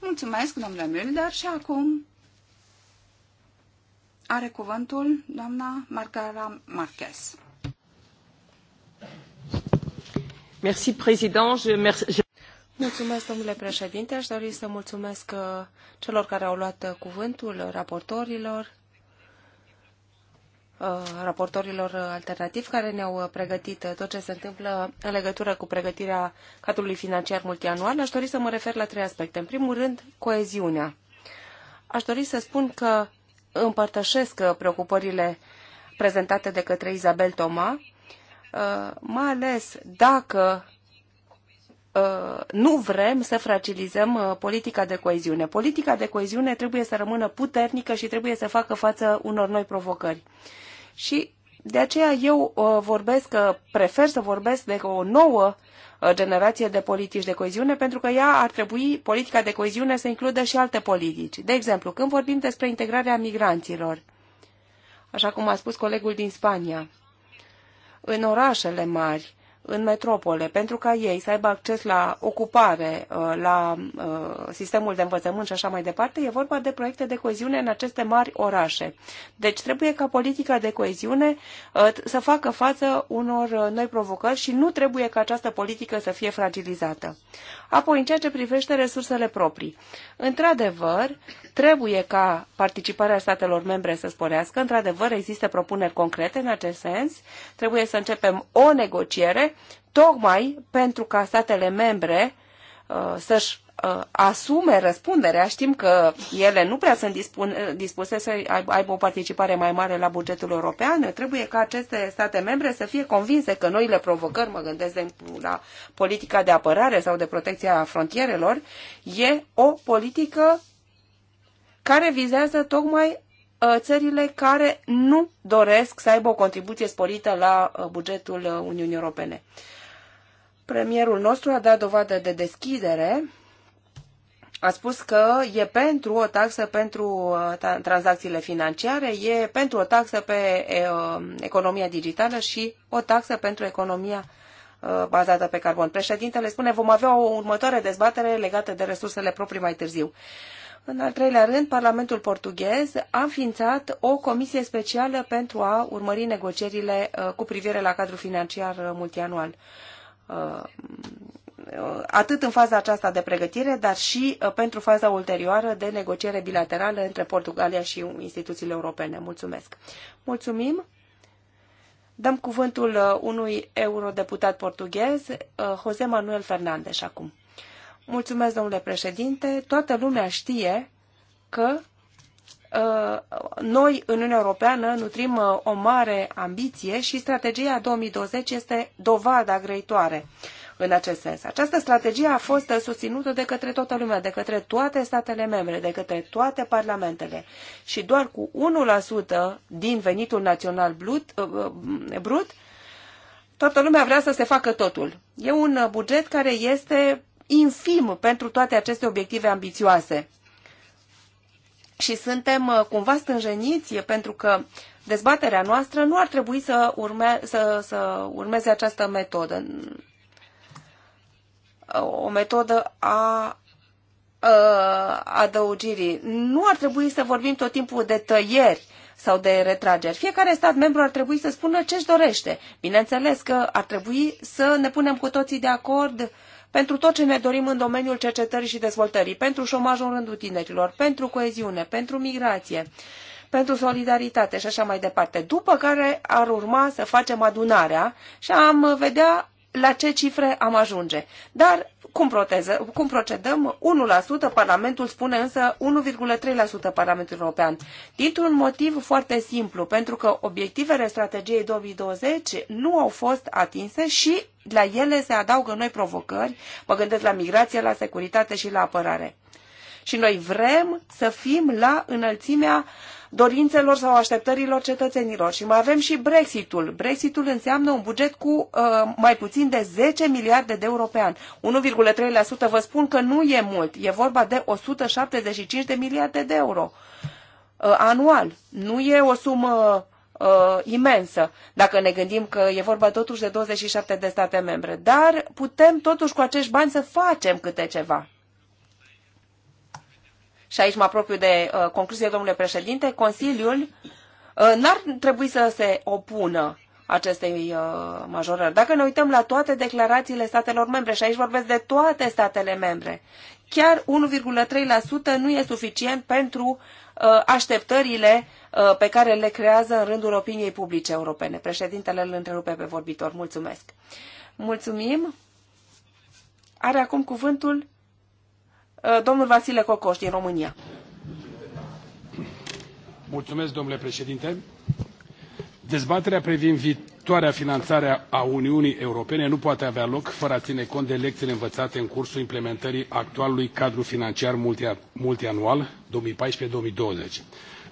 Mulțumesc, domnule Mulder, și acum are cuvântul doamna Margara Marquez. Merci, président. Je, Mulțumesc, domnule președinte. Aș dori să mulțumesc uh, celor care au luat uh, cuvântul, uh, raportorilor, raportorilor alternativi care ne-au pregătit tot ce se întâmplă în legătură cu pregătirea cadrului financiar multianual. Aș dori să mă refer la trei aspecte. În primul rând, coeziunea. Aș dori să spun că împărtășesc uh, preocupările prezentate de către Isabel Toma, uh, mai ales dacă uh, nu vrem să fragilizăm politica de coeziune. Politica de coeziune trebuie să rămână puternică și trebuie să facă față unor noi provocări. Și de aceea eu vorbesc, prefer să vorbesc de o nouă Uh, generație de politici de coeziune, pentru că ea ar trebui, politica de coeziune, să includă și alte politici. De exemplu, când vorbim despre integrarea migranților, așa cum a spus colegul din Spania, în orașele mari, în metropole, pentru ca ei să aibă acces la ocupare, uh, la uh, sistemul de învățământ și așa mai departe, e vorba de proiecte de coeziune în aceste mari orașe. Deci trebuie ca politica de coeziune uh, să facă față unor noi provocări și nu trebuie ca această politică să fie fragilizată. Apoi, în ceea ce privește resursele proprii. Într-adevăr, trebuie ca participarea statelor membre să sporească. Într-adevăr, există propuneri concrete în acest sens. Trebuie să începem o negociere tocmai pentru ca statele membre uh, să-și uh, asume răspunderea. Știm că ele nu prea sunt dispuse să aibă o participare mai mare la bugetul european. Trebuie ca aceste state membre să fie convinse că noile provocări, mă gândesc de la politica de apărare sau de protecția frontierelor, e o politică care vizează tocmai Uh, țările care nu doresc să aibă o contribuție sporită la uh, bugetul uh, Uniunii Europene. Premierul nostru a dat dovadă de deschidere a spus că e pentru o taxă pentru tranzacțiile financiare, e pentru o taxă pe economia digitală și o taxă pentru economia bazată pe carbon. Președintele spune vom avea o următoare dezbatere legată de resursele proprii mai târziu. În al treilea rând, Parlamentul portughez a înființat o comisie specială pentru a urmări negocierile uh, cu privire la cadrul financiar uh, multianual uh, atât în faza aceasta de pregătire, dar și pentru faza ulterioară de negociere bilaterală între Portugalia și instituțiile europene. Mulțumesc! Mulțumim! Dăm cuvântul unui eurodeputat portughez, José Manuel Fernandes, acum. Mulțumesc, domnule președinte. Toată lumea știe că uh, noi în Uniunea Europeană nutrim uh, o mare ambiție și strategia 2020 este dovada grăitoare în acest sens. Această strategie a fost susținută de către toată lumea, de către toate statele membre, de către toate parlamentele și doar cu 1% din venitul național brut, uh, brut toată lumea vrea să se facă totul. E un buget care este infim pentru toate aceste obiective ambițioase. Și suntem uh, cumva stânjeniți pentru că dezbaterea noastră nu ar trebui să, urme, să, să urmeze această metodă. O metodă a uh, adăugirii. Nu ar trebui să vorbim tot timpul de tăieri sau de retrageri. Fiecare stat membru ar trebui să spună ce își dorește. Bineînțeles că ar trebui să ne punem cu toții de acord pentru tot ce ne dorim în domeniul cercetării și dezvoltării, pentru șomajul în rândul tinerilor, pentru coeziune, pentru migrație, pentru solidaritate și așa mai departe. După care ar urma să facem adunarea și am vedea la ce cifre am ajunge. Dar cum, proteză, cum procedăm? 1% Parlamentul spune însă 1,3% Parlamentul European. Dintr-un motiv foarte simplu, pentru că obiectivele strategiei 2020 nu au fost atinse și la ele se adaugă noi provocări, mă gândesc la migrație, la securitate și la apărare. Și noi vrem să fim la înălțimea dorințelor sau așteptărilor cetățenilor. Și mai avem și Brexitul. Brexitul înseamnă un buget cu uh, mai puțin de 10 miliarde de euro pe an. 1,3% vă spun că nu e mult. E vorba de 175 de miliarde de euro uh, anual. Nu e o sumă uh, imensă, dacă ne gândim că e vorba totuși de 27 de state membre. Dar putem totuși cu acești bani să facem câte ceva. Și aici mă apropiu de uh, concluzie, domnule președinte, Consiliul uh, n-ar trebui să se opună acestei uh, majorări. Dacă ne uităm la toate declarațiile statelor membre, și aici vorbesc de toate statele membre, chiar 1,3% nu e suficient pentru uh, așteptările Uh, pe care le creează în rândul opiniei publice europene. Președintele îl întrerupe pe vorbitor. Mulțumesc. Mulțumim. Are acum cuvântul uh, domnul Vasile Cocoș din România. Mulțumesc, domnule președinte. Dezbaterea privind viitoarea finanțare a Uniunii Europene nu poate avea loc fără a ține cont de lecțiile învățate în cursul implementării actualului cadru financiar multianual 2014-2020.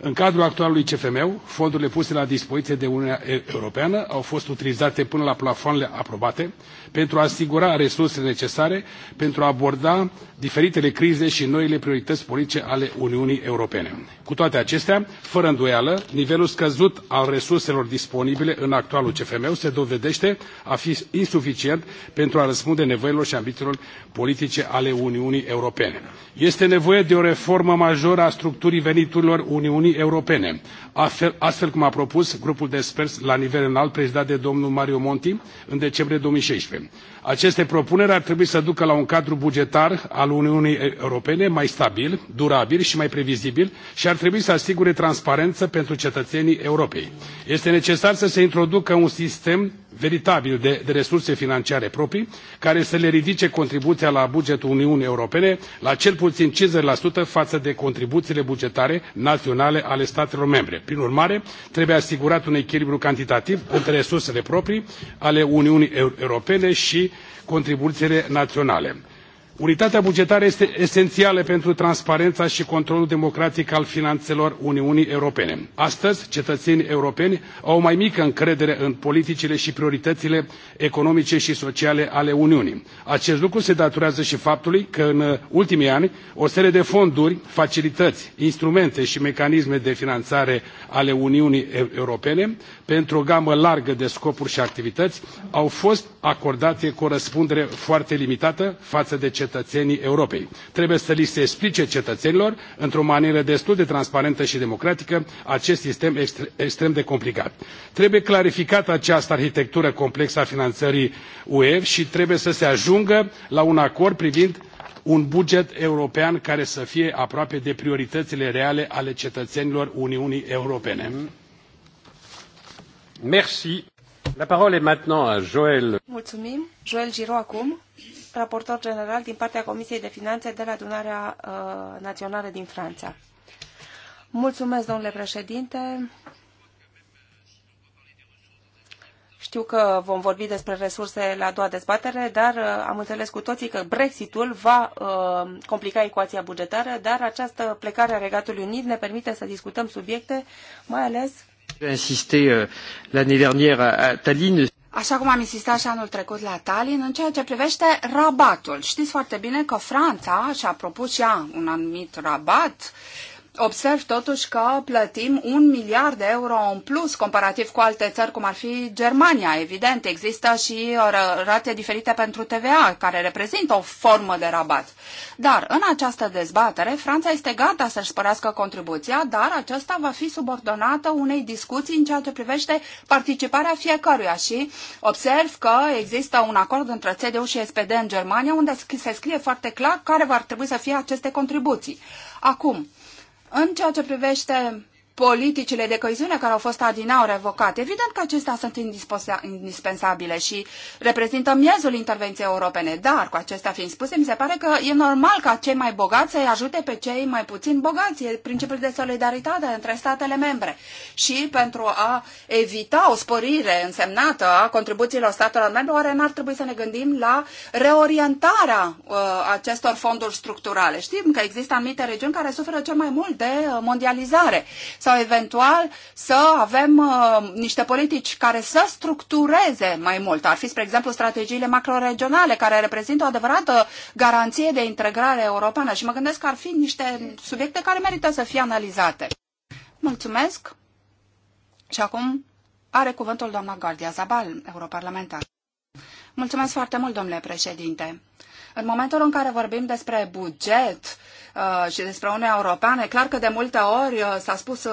În cadrul actualului CFM, fondurile puse la dispoziție de Uniunea Europeană au fost utilizate până la plafoanele aprobate pentru a asigura resursele necesare pentru a aborda diferitele crize și noile priorități politice ale Uniunii Europene. Cu toate acestea, fără îndoială, nivelul scăzut al resurselor disponibile în actualul CFM-ul se dovedește a fi insuficient pentru a răspunde nevoilor și ambițiilor politice ale Uniunii Europene. Este nevoie de o reformă majoră a structurii veniturilor Uniunii Europene, astfel, astfel cum a propus grupul de experți la nivel înalt prezidat de domnul Mario Monti în decembrie 2016. Aceste propuneri ar trebui să ducă la un cadru bugetar al Uniunii Europene mai stabil, durabil și mai previzibil și ar trebui să asigure transparență pentru cetățenii Europei. Este necesar să se introducă un sistem veritabil de, de resurse financiare proprii care să le ridice contribuția la bugetul Uniunii Europene la cel puțin 50% față de contribuțiile bugetare naționale ale statelor membre. Prin urmare, trebuie asigurat un echilibru cantitativ între resursele proprii ale Uniunii Europene și contribuțiile naționale unitatea bugetară este esențială pentru transparența și controlul democratic al finanțelor uniunii europene. astăzi cetățenii europeni au o mai mică încredere în politicile și prioritățile economice și sociale ale uniunii. acest lucru se datorează și faptului că în ultimii ani o serie de fonduri facilități instrumente și mecanisme de finanțare ale uniunii europene pentru o gamă largă de scopuri și activități au fost acordate cu o răspundere foarte limitată față de cetățenii Europei. Trebuie să li se explice cetățenilor, într-o manieră destul de transparentă și democratică, acest sistem extrem de complicat. Trebuie clarificată această arhitectură complexă a finanțării UE și trebuie să se ajungă la un acord privind un buget european care să fie aproape de prioritățile reale ale cetățenilor Uniunii Europene. Merci. La parole est maintenant à Joël. Mulțumim. Joël Giro acum raportor general din partea Comisiei de Finanțe de la adunarea uh, națională din Franța. Mulțumesc, domnule președinte. Știu că vom vorbi despre resurse la a doua dezbatere, dar uh, am înțeles cu toții că Brexitul va uh, complica ecuația bugetară, dar această plecare a Regatului Unit ne permite să discutăm subiecte, mai ales J'ai insisté uh, l'année dernière à Tallinn așa cum am insistat și anul trecut la Tallinn, în ceea ce privește rabatul. Știți foarte bine că Franța și-a propus ea un anumit rabat observ totuși că plătim un miliard de euro în plus comparativ cu alte țări, cum ar fi Germania. Evident, există și uh, rate diferite pentru TVA, care reprezintă o formă de rabat. Dar în această dezbatere, Franța este gata să-și spărească contribuția, dar aceasta va fi subordonată unei discuții în ceea ce privește participarea fiecăruia și observ că există un acord între CDU și SPD în Germania, unde se scrie foarte clar care vor trebui să fie aceste contribuții. Acum, în ceea ce privește politicile de coeziune care au fost adinau revocate. Evident că acestea sunt indispensabile și reprezintă miezul intervenției europene, dar cu acestea fiind spuse, mi se pare că e normal ca cei mai bogați să-i ajute pe cei mai puțin bogați. E principiul de solidaritate între statele membre. Și pentru a evita o sporire însemnată a contribuțiilor statelor membre, oare n-ar trebui să ne gândim la reorientarea uh, acestor fonduri structurale? Știm că există anumite regiuni care suferă cel mai mult de uh, mondializare. Sau sau eventual să avem uh, niște politici care să structureze mai mult. Ar fi, spre exemplu, strategiile macroregionale care reprezintă o adevărată garanție de integrare europeană și mă gândesc că ar fi niște subiecte care merită să fie analizate. Mulțumesc și acum are cuvântul doamna Gardia Zabal, europarlamentar. Mulțumesc foarte mult, domnule președinte. În momentul în care vorbim despre buget, uh, Uh, și despre Uniunea Europeană, e clar că de multe ori uh, s-a spus uh,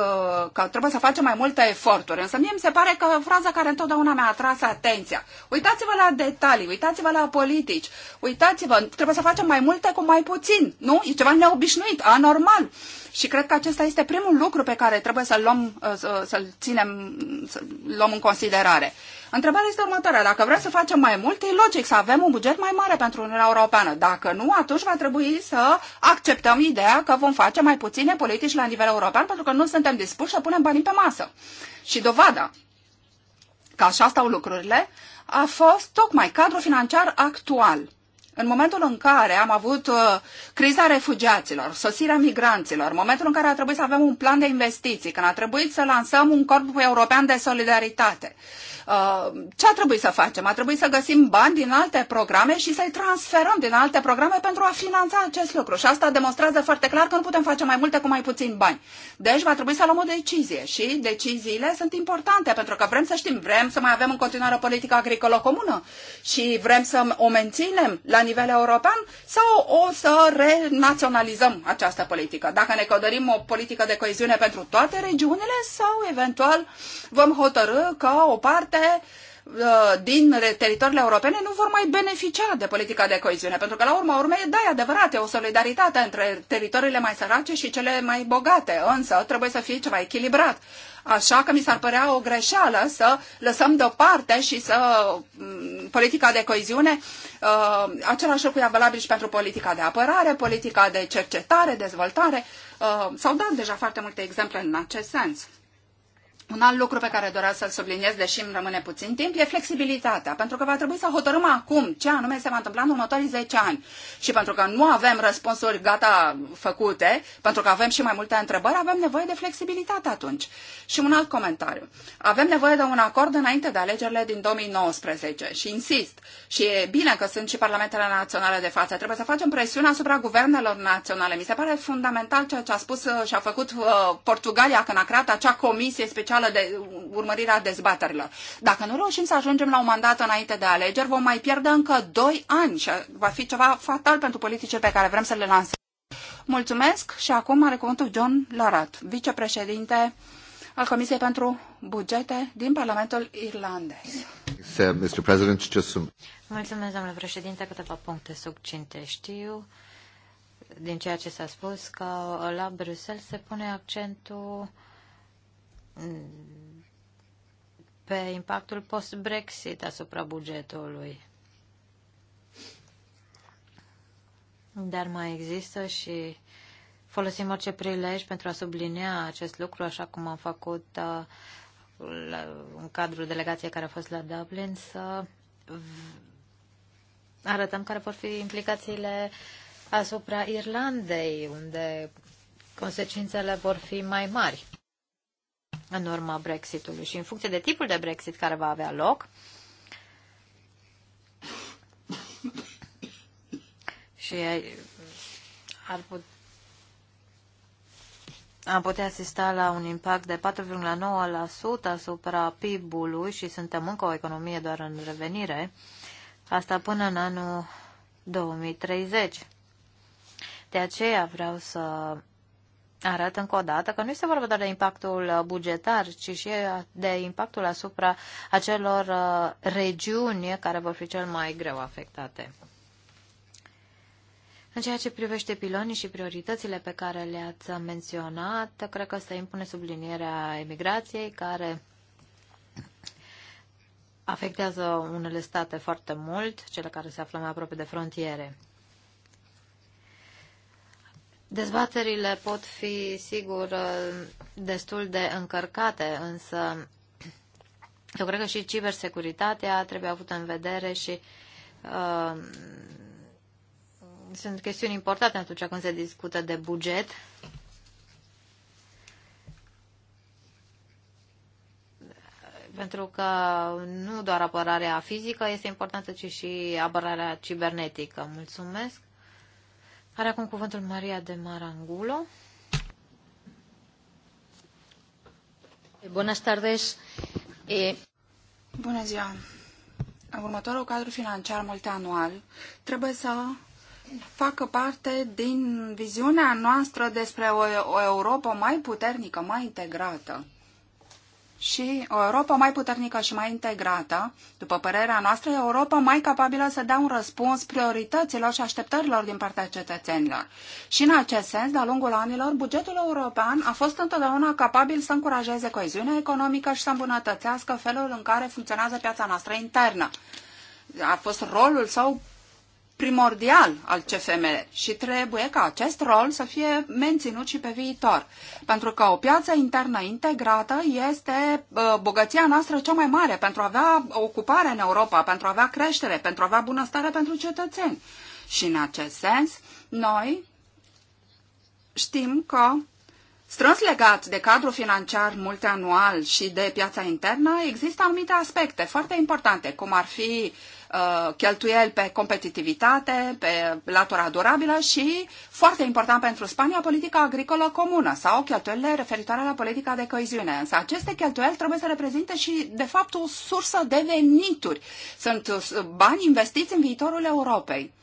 că trebuie să facem mai multe eforturi. Însă mie mi se pare că fraza care întotdeauna mi-a atras atenția. Uitați-vă la detalii, uitați-vă la politici, uitați-vă, trebuie să facem mai multe cu mai puțin. Nu? E ceva neobișnuit, anormal. Și cred că acesta este primul lucru pe care trebuie să-l luăm, să-l ținem, să luăm în considerare. Întrebarea este următoarea. Dacă vrem să facem mai mult, e logic să avem un buget mai mare pentru Uniunea Europeană. Dacă nu, atunci va trebui să acceptăm acceptăm ideea că vom face mai puține politici la nivel european pentru că nu suntem dispuși să punem banii pe masă. Și dovada că așa stau lucrurile a fost tocmai cadrul financiar actual. În momentul în care am avut uh, criza refugiaților, sosirea migranților, în momentul în care a trebuit să avem un plan de investiții, când a trebuit să lansăm un corp european de solidaritate, uh, ce a trebuit să facem? A trebuit să găsim bani din alte programe și să-i transferăm din alte programe pentru a finanța acest lucru. Și asta demonstrează foarte clar că nu putem face mai multe cu mai puțin bani. Deci va trebui să luăm o decizie și deciziile sunt importante pentru că vrem să știm, vrem să mai avem în continuare o politică agricolă comună și vrem să o menținem la nivel european sau o să renaționalizăm această politică? Dacă ne codărim o politică de coeziune pentru toate regiunile sau eventual vom hotărâ că o parte uh, din teritoriile europene nu vor mai beneficia de politica de coeziune, pentru că la urma urmei, da, e adevărat, e o solidaritate între teritoriile mai sărace și cele mai bogate, însă trebuie să fie ceva echilibrat. Așa că mi s-ar părea o greșeală să lăsăm deoparte și să mm, politica de coeziune, uh, același lucru e valabil și pentru politica de apărare, politica de cercetare, dezvoltare. Uh, s-au dat deja foarte multe exemple în acest sens. Un alt lucru pe care doream să-l subliniez, deși îmi rămâne puțin timp, e flexibilitatea, pentru că va trebui să hotărâm acum ce anume se va întâmpla în următorii 10 ani. Și pentru că nu avem răspunsuri gata făcute, pentru că avem și mai multe întrebări, avem nevoie de flexibilitate atunci. Și un alt comentariu. Avem nevoie de un acord înainte de alegerile din 2019 și insist, și e bine că sunt și parlamentele naționale de față, trebuie să facem presiune asupra guvernelor naționale. Mi se pare fundamental ceea ce a spus și a făcut uh, Portugalia când a creat acea comisie specială greșeală de urmărirea dezbaterilor. Dacă nu reușim să ajungem la un mandat înainte de alegeri, vom mai pierde încă doi ani și va fi ceva fatal pentru politicii pe care vrem să le lansăm. Mulțumesc și acum are cuvântul John Larat, vicepreședinte al Comisiei pentru Bugete din Parlamentul Irlandez. Mr. President, Mulțumesc, domnule președinte, câteva puncte succinte. Știu din ceea ce s-a spus că la Bruxelles se pune accentul pe impactul post-Brexit asupra bugetului. Dar mai există și folosim orice prilej pentru a sublinia acest lucru, așa cum am făcut uh, la, în cadrul delegației care a fost la Dublin, să arătăm care vor fi implicațiile asupra Irlandei, unde consecințele vor fi mai mari în urma Brexitului și în funcție de tipul de Brexit care va avea loc și ar put, am putea asista la un impact de 4,9% asupra PIB-ului și suntem încă o economie doar în revenire, asta până în anul 2030. De aceea vreau să arată încă o dată că nu este vorba doar de impactul uh, bugetar, ci și uh, de impactul asupra acelor uh, regiuni care vor fi cel mai greu afectate. În ceea ce privește pilonii și prioritățile pe care le-ați menționat, cred că se impune sublinierea emigrației, care afectează unele state foarte mult, cele care se află mai aproape de frontiere. Dezbaterile pot fi, sigur, destul de încărcate, însă eu cred că și cibersecuritatea trebuie avută în vedere și uh, sunt chestiuni importante atunci când se discută de buget. Pentru că nu doar apărarea fizică este importantă, ci și apărarea cibernetică. Mulțumesc! Are acum cuvântul Maria de Marangulo. Bună tardes. Eh, Bună ziua. În următorul cadru financiar multianual trebuie să facă parte din viziunea noastră despre o, o Europa mai puternică, mai integrată și o Europa mai puternică și mai integrată. După părerea noastră, Europa mai capabilă să dea un răspuns priorităților și așteptărilor din partea cetățenilor. Și în acest sens, de-a lungul anilor, bugetul european a fost întotdeauna capabil să încurajeze coeziunea economică și să îmbunătățească felul în care funcționează piața noastră internă. A fost rolul său primordial al CFM și trebuie ca acest rol să fie menținut și pe viitor. Pentru că o piață internă integrată este bogăția noastră cea mai mare pentru a avea ocupare în Europa, pentru a avea creștere, pentru a avea bunăstare pentru cetățeni. Și în acest sens, noi știm că Strâns legat de cadrul financiar multianual și de piața internă, există anumite aspecte foarte importante, cum ar fi uh, cheltuieli pe competitivitate, pe latura durabilă și, foarte important pentru Spania, politica agricolă comună sau cheltuielile referitoare la politica de coeziune. Însă aceste cheltuieli trebuie să reprezinte și, de fapt, o sursă de venituri. Sunt uh, bani investiți în viitorul Europei.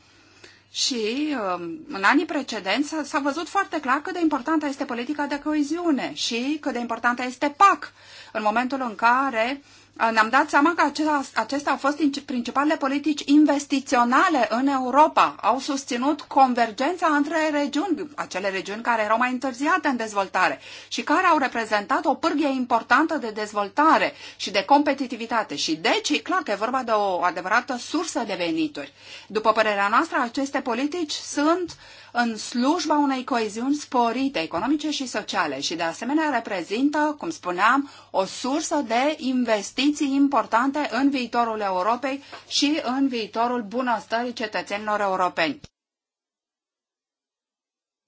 Și um, în anii precedenți s-a văzut foarte clar cât de importantă este politica de coeziune și cât de importantă este PAC în momentul în care Uh, ne-am dat seama că acestea au fost principalele politici investiționale în Europa. Au susținut convergența între regiuni, acele regiuni care erau mai întârziate în dezvoltare și care au reprezentat o pârghie importantă de dezvoltare și de competitivitate. Și deci e clar că e vorba de o adevărată sursă de venituri. După părerea noastră, aceste politici sunt uh, în slujba unei coeziuni sporite, economice și sociale și de asemenea reprezintă, cum spuneam, o sursă de investiții importante în viitorul Europei și în viitorul bunăstării cetățenilor europeni.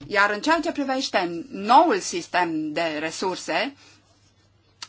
Iar în ceea ce privește noul sistem de resurse,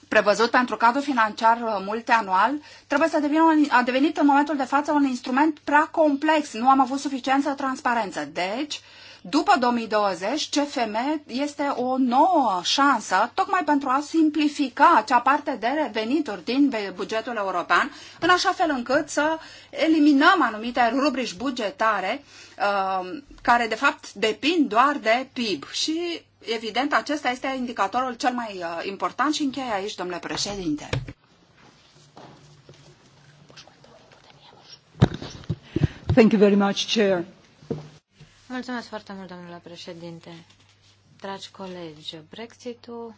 prevăzut pentru cadrul financiar uh, multianual, trebuie să devină, a devenit în momentul de față un instrument prea complex. Nu am avut suficientă transparență. Deci, după 2020, CFM este o nouă șansă tocmai pentru a simplifica acea parte de venituri din bugetul european, în așa fel încât să eliminăm anumite rubrici bugetare uh, care de fapt depind doar de PIB și evident acesta este indicatorul cel mai uh, important și încheie aici, domnule președinte. Thank you very much, Chair. Mulțumesc foarte mult, domnule președinte. Dragi colegi, Brexit-ul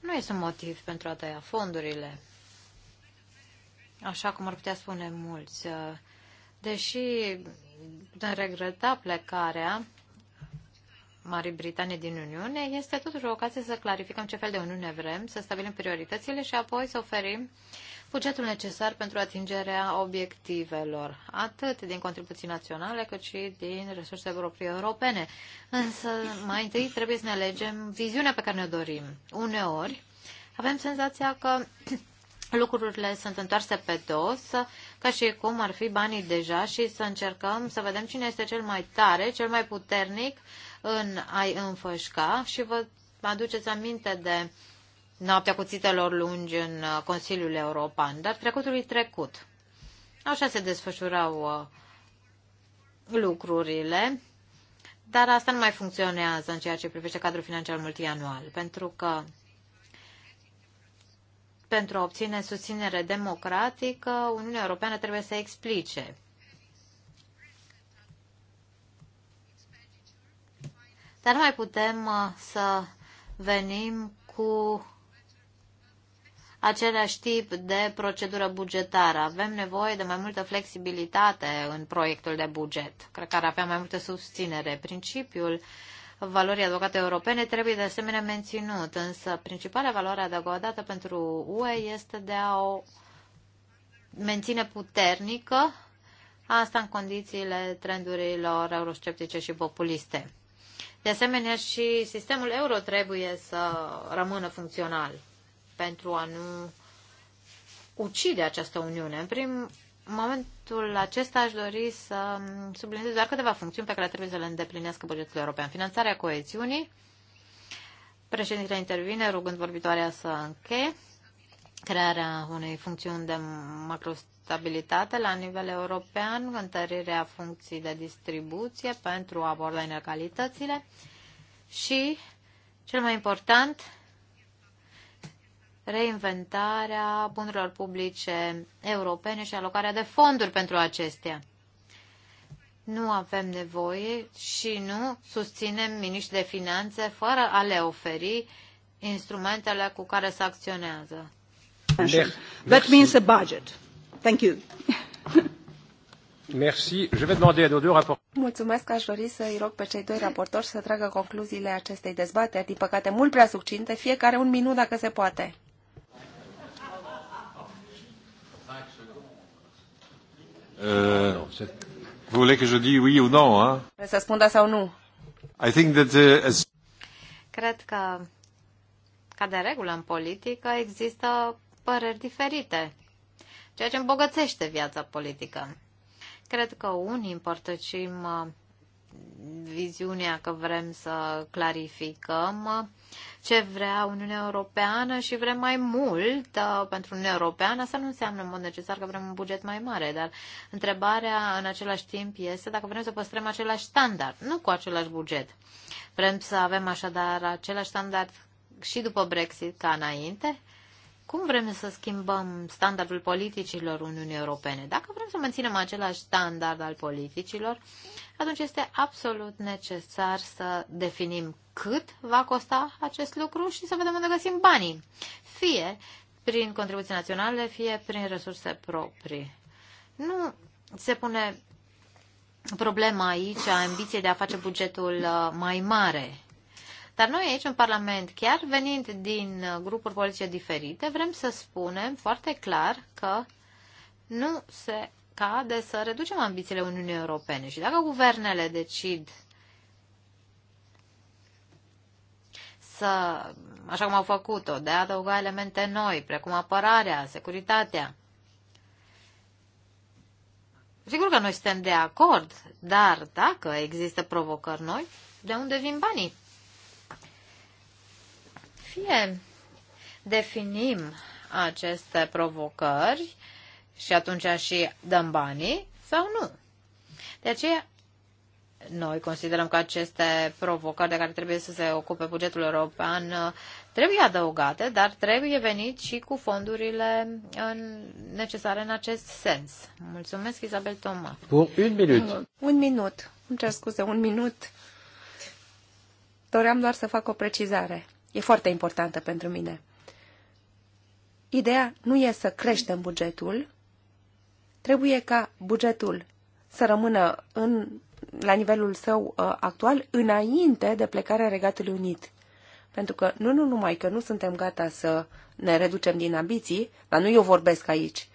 nu este un motiv pentru a tăia fondurile, așa cum ar putea spune mulți. Deși putem regreta plecarea Marii Britanii din Uniune, este totuși o ocazie să clarificăm ce fel de Uniune vrem, să stabilim prioritățile și apoi să oferim bugetul necesar pentru atingerea obiectivelor, atât din contribuții naționale cât și din resurse proprii europene. Însă, mai întâi trebuie să ne alegem viziunea pe care ne dorim. Uneori, avem senzația că lucrurile sunt întoarse pe dos, ca și cum ar fi banii deja și să încercăm să vedem cine este cel mai tare, cel mai puternic în a-i înfășca și vă aduceți aminte de noaptea cuțitelor lungi în uh, Consiliul European, dar trecutului trecut. Așa se desfășurau uh, lucrurile, dar asta nu mai funcționează în ceea ce privește cadrul financiar multianual, pentru că pentru a obține susținere democratică, Uniunea Europeană trebuie să explice Dar nu mai putem uh, să venim cu același tip de procedură bugetară. Avem nevoie de mai multă flexibilitate în proiectul de buget. Cred că ar avea mai multă susținere. Principiul valorii adăugate europene trebuie de asemenea menținut, însă principala valoare adăugată pentru UE este de a o menține puternică, asta în condițiile trendurilor eurosceptice și populiste. De asemenea, și sistemul euro trebuie să rămână funcțional pentru a nu ucide această Uniune. În prim, în momentul acesta aș dori să subliniez doar câteva funcțiuni pe care trebuie să le îndeplinească bugetul european. Finanțarea coeziunii. Președintele intervine rugând vorbitoarea să încheie. Crearea unei funcțiuni de macrostabilitate la nivel european, întărirea funcției de distribuție pentru a aborda inegalitățile și, cel mai important, reinventarea bunurilor publice europene și alocarea de fonduri pentru acestea. Nu avem nevoie și nu susținem miniștri de finanțe fără a le oferi instrumentele cu care să acționează. That means a budget. Thank you. Merci. Je vais demander à nos deux Mulțumesc, aș dori să-i rog pe cei doi raportori să tragă concluziile acestei dezbateri, din păcate mult prea succinte, fiecare un minut dacă se poate. Uh, Vreau je oui ou non, hein? Să spun da sau nu. I think that, uh, as... Cred că, ca de regulă în politică, există păreri diferite, ceea ce îmbogățește viața politică. Cred că unii împărtășim uh, viziunea că vrem să clarificăm ce vrea Uniunea Europeană și vrem mai mult uh, pentru Uniunea Europeană. Asta nu înseamnă în mod necesar că vrem un buget mai mare, dar întrebarea în același timp este dacă vrem să păstrăm același standard, nu cu același buget. Vrem să avem așadar același standard și după Brexit ca înainte cum vrem să schimbăm standardul politicilor Uniunii Europene? Dacă vrem să menținem același standard al politicilor, atunci este absolut necesar să definim cât va costa acest lucru și să vedem unde găsim banii, fie prin contribuții naționale, fie prin resurse proprii. Nu se pune problema aici a ambiției de a face bugetul uh, mai mare dar noi aici în Parlament, chiar venind din uh, grupuri politice diferite, vrem să spunem foarte clar că nu se cade să reducem ambițiile Uniunii Europene. Și dacă guvernele decid să, așa cum au făcut-o, de a adăuga elemente noi, precum apărarea, securitatea, Sigur că noi suntem de acord, dar dacă există provocări noi, de unde vin banii? Fie definim aceste provocări și atunci și dăm banii sau nu. De aceea, noi considerăm că aceste provocări de care trebuie să se ocupe bugetul european uh, trebuie adăugate, dar trebuie venit și cu fondurile uh, necesare în acest sens. Mulțumesc, Isabel Toma. un minut. Un minut. Îmi cer scuze, un minut. Doream doar să fac o precizare e foarte importantă pentru mine. Ideea nu e să creștem bugetul, trebuie ca bugetul să rămână în, la nivelul său uh, actual înainte de plecarea Regatului Unit. Pentru că nu, nu numai că nu suntem gata să ne reducem din ambiții, dar nu eu vorbesc aici,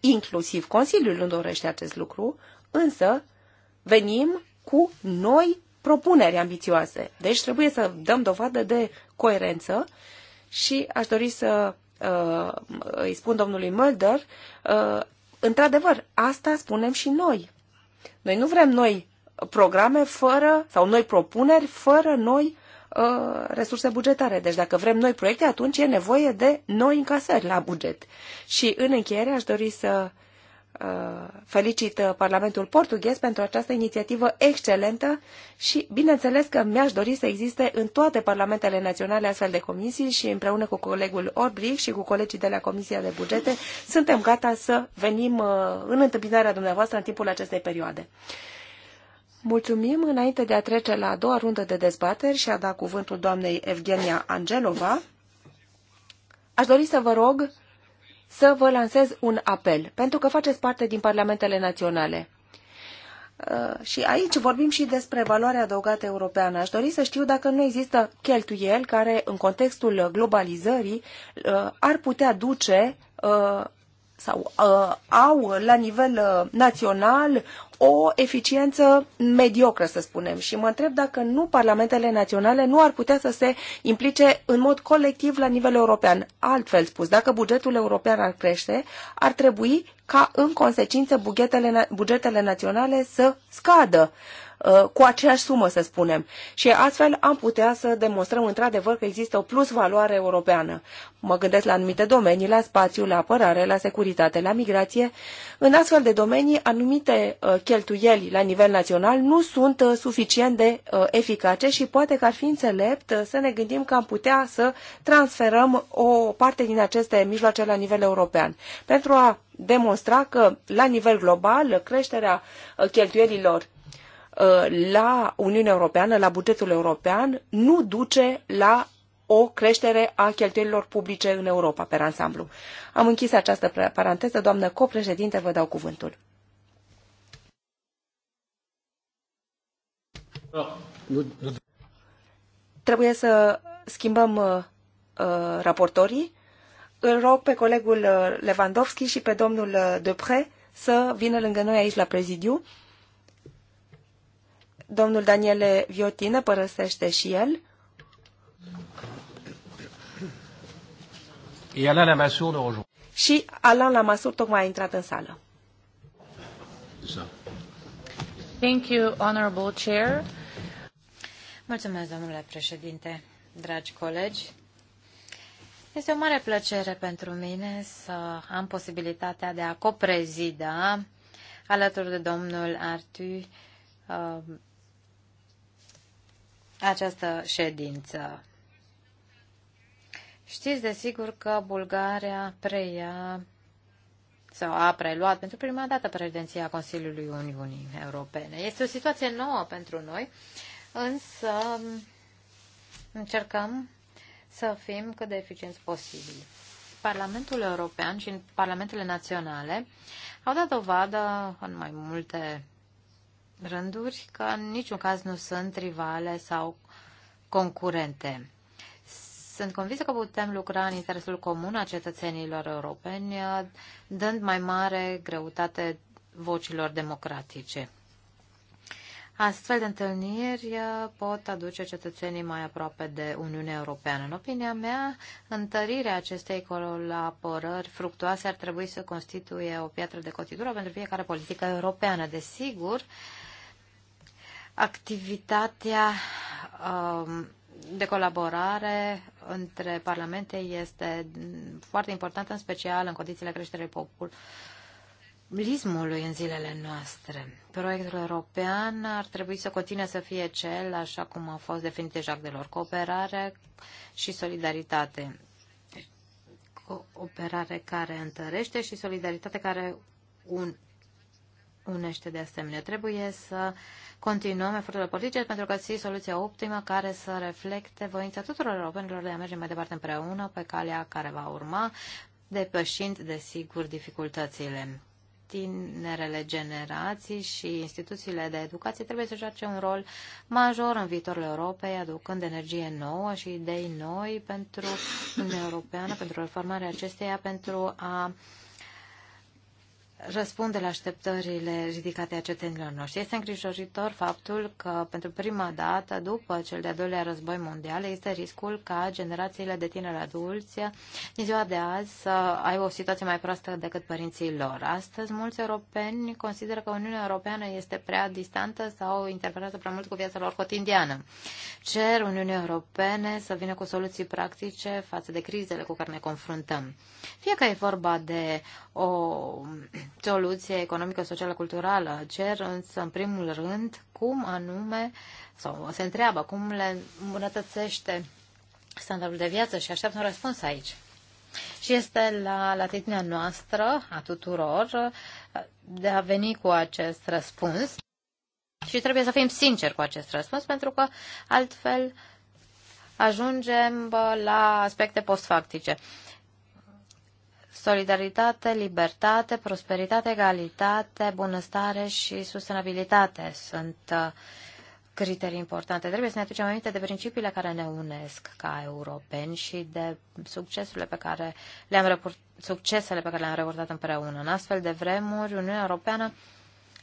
inclusiv Consiliul nu dorește acest lucru, însă venim cu noi propuneri ambițioase. Deci trebuie să dăm dovadă de coerență și aș dori să uh, îi spun domnului Mulder, uh, într-adevăr, asta spunem și noi. Noi nu vrem noi programe fără, sau noi propuneri fără noi uh, resurse bugetare. Deci dacă vrem noi proiecte, atunci e nevoie de noi încasări la buget. Și în încheiere aș dori să uh, felicit uh, Parlamentul portughez pentru această inițiativă excelentă și, bineînțeles, că mi-aș dori să existe în toate parlamentele naționale astfel de comisii și împreună cu colegul Orbric și cu colegii de la Comisia de Bugete suntem gata să venim uh, în întâmpinarea dumneavoastră în timpul acestei perioade. Mulțumim înainte de a trece la a doua rundă de dezbateri și a da cuvântul doamnei Evgenia Angelova. Aș dori să vă rog să vă lansez un apel, pentru că faceți parte din parlamentele naționale. Uh, și aici vorbim și despre valoarea adăugată europeană. Aș dori să știu dacă nu există cheltuieli care, în contextul globalizării, uh, ar putea duce uh, sau uh, au la nivel uh, național o eficiență mediocră, să spunem. Și mă întreb dacă nu parlamentele naționale nu ar putea să se implice în mod colectiv la nivel european. Altfel spus, dacă bugetul european ar crește, ar trebui ca în consecință bugetele, bugetele naționale să scadă. Uh, Uh, cu aceeași sumă, să spunem. Și astfel am putea să demonstrăm într-adevăr că există o plus valoare europeană. Mă gândesc la anumite domenii, la spațiu, la apărare, la securitate, la migrație. În astfel de domenii, anumite uh, cheltuieli la nivel național nu sunt uh, suficient de eficace și poate că ar fi înțelept să ne gândim că am putea să transferăm o parte din aceste mijloace la nivel european. Pentru a demonstra că la nivel global creșterea cheltuielilor Uh, la Uniunea Europeană, la bugetul european, nu duce la o creștere a cheltuielilor publice în Europa, pe ansamblu. Am închis această paranteză. Doamnă copreședinte, vă dau cuvântul. Trebuie să schimbăm uh, uh raportorii. Îl rog pe colegul uh, Lewandowski și pe domnul Depre să vină lângă noi aici la prezidiu Domnul Daniele Viotine părăsește și el. Și Alain masur tocmai a intrat în sală. Thank you, Honorable Chair. Mulțumesc, domnule președinte, dragi colegi. Este o mare plăcere pentru mine să am posibilitatea de a coprezida alături de domnul Artu uh, această ședință. Știți desigur că Bulgaria preia sau a preluat pentru prima dată președinția Consiliului Uniunii Europene. Este o situație nouă pentru noi, însă încercăm să fim cât de eficienți posibil. Parlamentul European și parlamentele naționale au dat dovadă în mai multe rânduri că în niciun caz nu sunt rivale sau concurente. Sunt convinsă că putem lucra în interesul comun a cetățenilor europeni, dând mai mare greutate vocilor democratice. Astfel de întâlniri pot aduce cetățenii mai aproape de Uniunea Europeană. În opinia mea, întărirea acestei colaborări fructuoase ar trebui să constituie o piatră de cotitură pentru fiecare politică europeană. Desigur, sigur activitatea um, de colaborare între parlamente este foarte importantă, în special în condițiile creșterii populismului în zilele noastre. Proiectul european ar trebui să continue să fie cel, așa cum a fost definit de lor, cooperare și solidaritate. Cooperare care întărește și solidaritate care un, unește de asemenea. Trebuie să continuăm eforturile politice pentru a ții soluția optimă care să reflecte voința tuturor europenilor de a merge mai departe împreună pe calea care va urma, depășind, desigur, dificultățile tinerele generații și instituțiile de educație trebuie să joace un rol major în viitorul Europei, aducând energie nouă și idei noi pentru Uniunea Europeană, pentru reformarea acesteia, pentru a răspunde la așteptările ridicate a cetățenilor noștri. Este îngrijoritor faptul că, pentru prima dată, după cel de-al doilea război mondial, este riscul ca generațiile de tineri adulți din ziua de azi să aibă o situație mai proastă decât părinții lor. Astăzi, mulți europeni consideră că Uniunea Europeană este prea distantă sau interferează prea mult cu viața lor cotidiană. Cer Uniunii Europene să vină cu soluții practice față de crizele cu care ne confruntăm. Fie că e vorba de o soluție economică, socială, culturală. Cer însă, în primul rând, cum anume, sau se întreabă, cum le îmbunătățește standardul de viață și așteaptă un răspuns aici. Și este la latitudinea noastră, a tuturor, de a veni cu acest răspuns. Și trebuie să fim sinceri cu acest răspuns, pentru că altfel ajungem la aspecte postfactice solidaritate, libertate, prosperitate, egalitate, bunăstare și sustenabilitate sunt uh, criterii importante. Trebuie să ne aducem aminte de principiile care ne unesc ca europeni și de succesurile pe care le-am report, succesele pe care le-am reportat împreună. În astfel de vremuri, Uniunea Europeană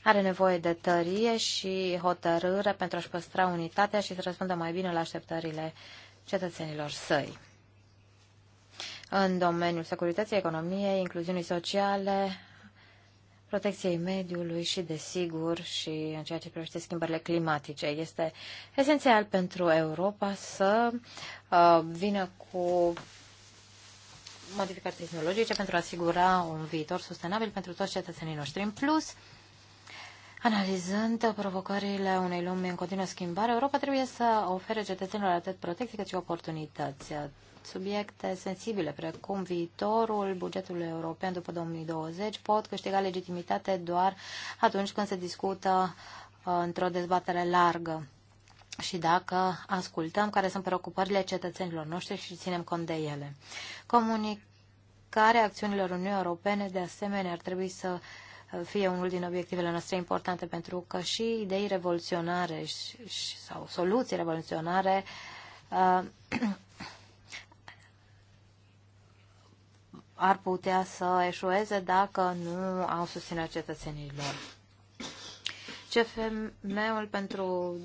are nevoie de tărie și hotărâre pentru a-și păstra unitatea și să răspundă mai bine la așteptările cetățenilor săi în domeniul securității economiei, incluziunii sociale, protecției mediului și, desigur, și în ceea ce privește schimbările climatice. Este esențial pentru Europa să uh, vină cu modificări tehnologice pentru a asigura un viitor sustenabil pentru toți cetățenii noștri. În plus, analizând provocările unei lumi în continuă schimbare, Europa trebuie să ofere cetățenilor atât protecție cât și oportunități subiecte sensibile, precum viitorul bugetului european după 2020, pot câștiga legitimitate doar atunci când se discută uh, într-o dezbatere largă și dacă ascultăm care sunt preocupările cetățenilor noștri și ținem cont de ele. Comunicarea acțiunilor Uniunii Europene, de asemenea, ar trebui să uh, fie unul din obiectivele noastre importante, pentru că și idei revoluționare și, și, sau soluții revoluționare uh, ar putea să eșueze dacă nu au susținerea cetățenilor. CFM-ul pentru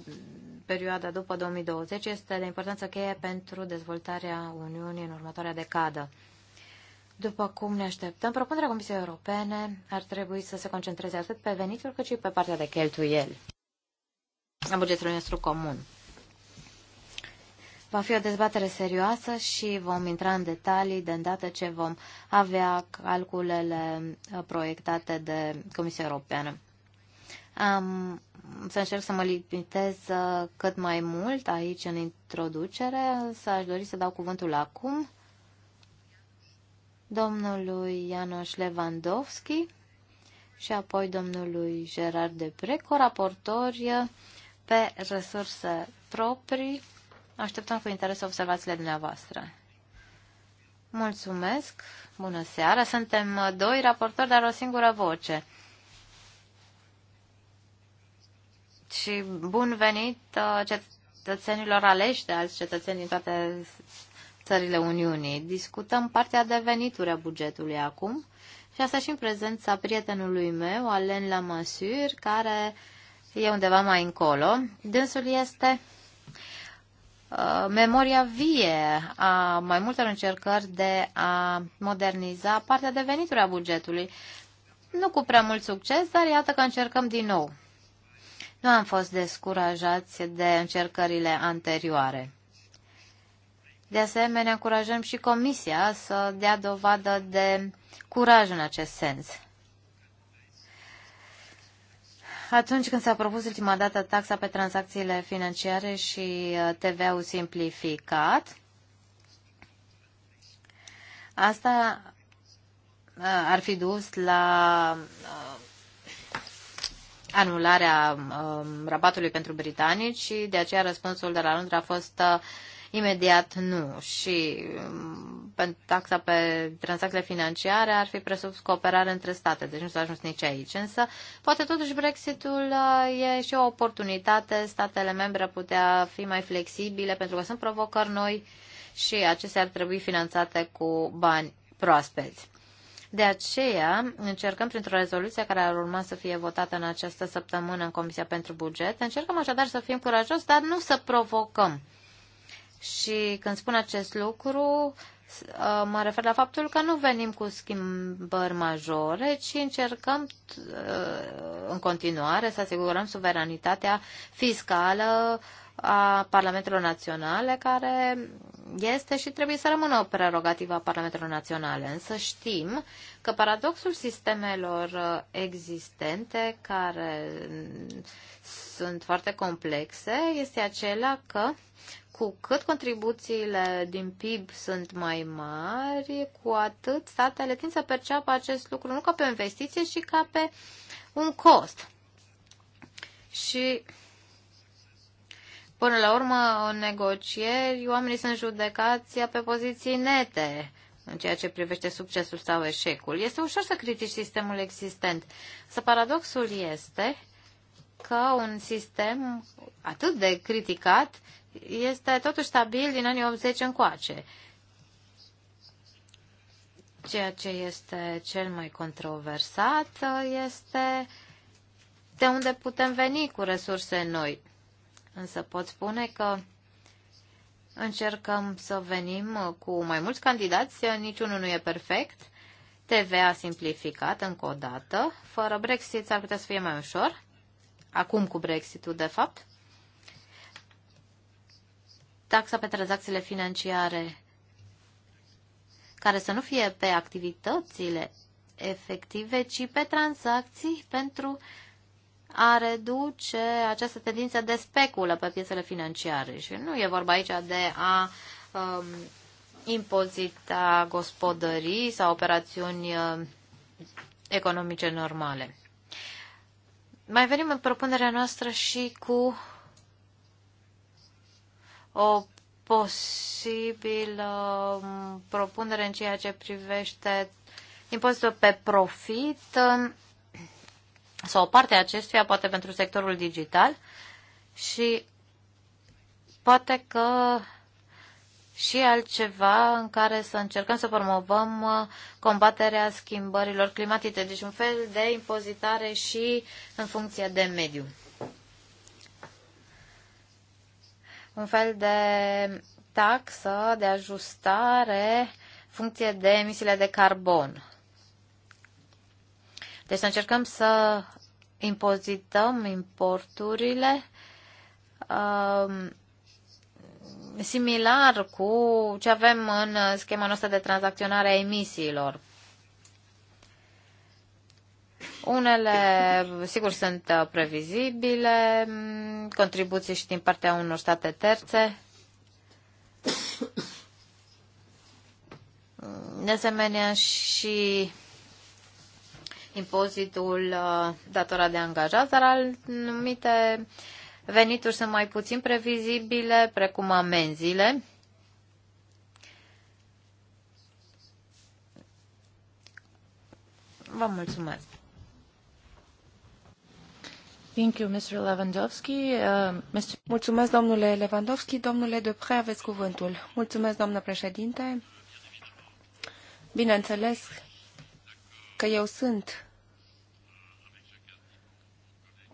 perioada după 2020 este de importanță cheie pentru dezvoltarea Uniunii în următoarea decadă. După cum ne așteptăm, propunerea Comisiei Europene ar trebui să se concentreze atât pe venituri cât și pe partea de cheltuieli Am bugetul nostru comun. Va fi o dezbatere serioasă și vom intra în detalii de îndată ce vom avea calculele uh, proiectate de Comisia Europeană. Am să încerc să mă limitez uh, cât mai mult aici în introducere, însă aș dori să dau cuvântul acum domnului Ianoș Lewandowski și apoi domnului Gerard Depre, coraportori pe resurse proprii Așteptăm cu interes observațiile dumneavoastră. Mulțumesc. Bună seara. Suntem uh, doi raportori, dar o singură voce. Și bun venit uh, cetățenilor aleși de alți cetățeni din toate țările Uniunii. Discutăm partea de venituri a bugetului acum și asta și în prezența prietenului meu, Alen Lamasur, care e undeva mai încolo. Dânsul este Uh, memoria vie a mai multor încercări de a moderniza partea de venituri a bugetului. Nu cu prea mult succes, dar iată că încercăm din nou. Nu am fost descurajați de încercările anterioare. De asemenea, încurajăm și Comisia să dea dovadă de curaj în acest sens. Atunci când s-a propus ultima dată taxa pe tranzacțiile financiare și uh, TVA-ul simplificat, asta uh, ar fi dus la uh, anularea um, rabatului pentru britanici și de aceea răspunsul de la Londra a fost imediat nu. Și um, pentru taxa pe tranzacțiile financiare ar fi presupus cooperare între state, deci nu s-a ajuns nici aici. Însă, poate totuși Brexitul uh, e și o oportunitate, statele membre putea fi mai flexibile pentru că sunt provocări noi și acestea ar trebui finanțate cu bani proaspeți. De aceea, încercăm printr-o rezoluție care ar urma să fie votată în această săptămână în Comisia pentru Buget, încercăm așadar să fim curajoși, dar nu să provocăm și când spun acest lucru, uh, mă refer la faptul că nu venim cu schimbări majore, ci încercăm uh, în continuare să asigurăm suveranitatea fiscală a Parlamentelor Naționale, care este și trebuie să rămână o prerogativă a Parlamentelor Naționale. Însă știm că paradoxul sistemelor uh, existente, care mm, sunt foarte complexe, este acela că cu cât contribuțiile din PIB sunt mai mari, cu atât statele tind să perceapă acest lucru nu ca pe o investiție, ci ca pe un cost. Și până la urmă, în negocieri, oamenii sunt judecați pe poziții nete în ceea ce privește succesul sau eșecul. Este ușor să critici sistemul existent. Să paradoxul este că un sistem atât de criticat este totuși stabil din anii 80 încoace, ceea ce este cel mai controversat uh, este de unde putem veni cu resurse noi. Însă pot spune că încercăm să venim uh, cu mai mulți candidați, uh, niciunul nu e perfect. TVA simplificat încă o dată. Fără Brexit ar putea să fie mai ușor. Acum cu Brexitul, de fapt taxa pe tranzacțiile financiare care să nu fie pe activitățile efective, ci pe tranzacții pentru a reduce această tendință de speculă pe piețele financiare. Și nu e vorba aici de a um, impozita gospodării sau operațiuni uh, economice normale. Mai venim în propunerea noastră și cu o posibilă um, propunere în ceea ce privește impozitul pe profit sau o parte a acestuia, poate pentru sectorul digital și poate că și altceva în care să încercăm să promovăm uh, combaterea schimbărilor climatice, deci un fel de impozitare și în funcție de mediu. un fel de taxă de ajustare funcție de emisiile de carbon. Deci să încercăm să impozităm importurile um, similar cu ce avem în schema noastră de tranzacționare a emisiilor unele, sigur, sunt uh, previzibile, mm, contribuții și din partea unor state terțe. De asemenea și impozitul uh, datorat de angajat, dar anumite venituri sunt mai puțin previzibile, precum amenziile. Vă mulțumesc! Uh, Mulțumesc, domnule Lewandowski. Domnule Depre, aveți cuvântul. Mulțumesc, doamnă președinte. Bineînțeles că eu sunt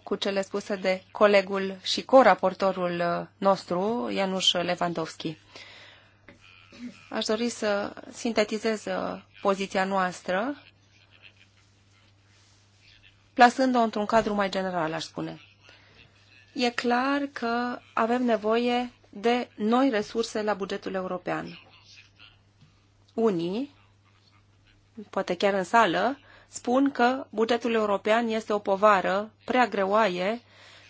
cu cele spuse de colegul și coraportorul nostru, Ianuș Lewandowski. Aș dori să sintetizez poziția noastră plasând-o într-un cadru mai general, aș spune. E clar că avem nevoie de noi resurse la bugetul european. Unii, poate chiar în sală, spun că bugetul european este o povară prea greoaie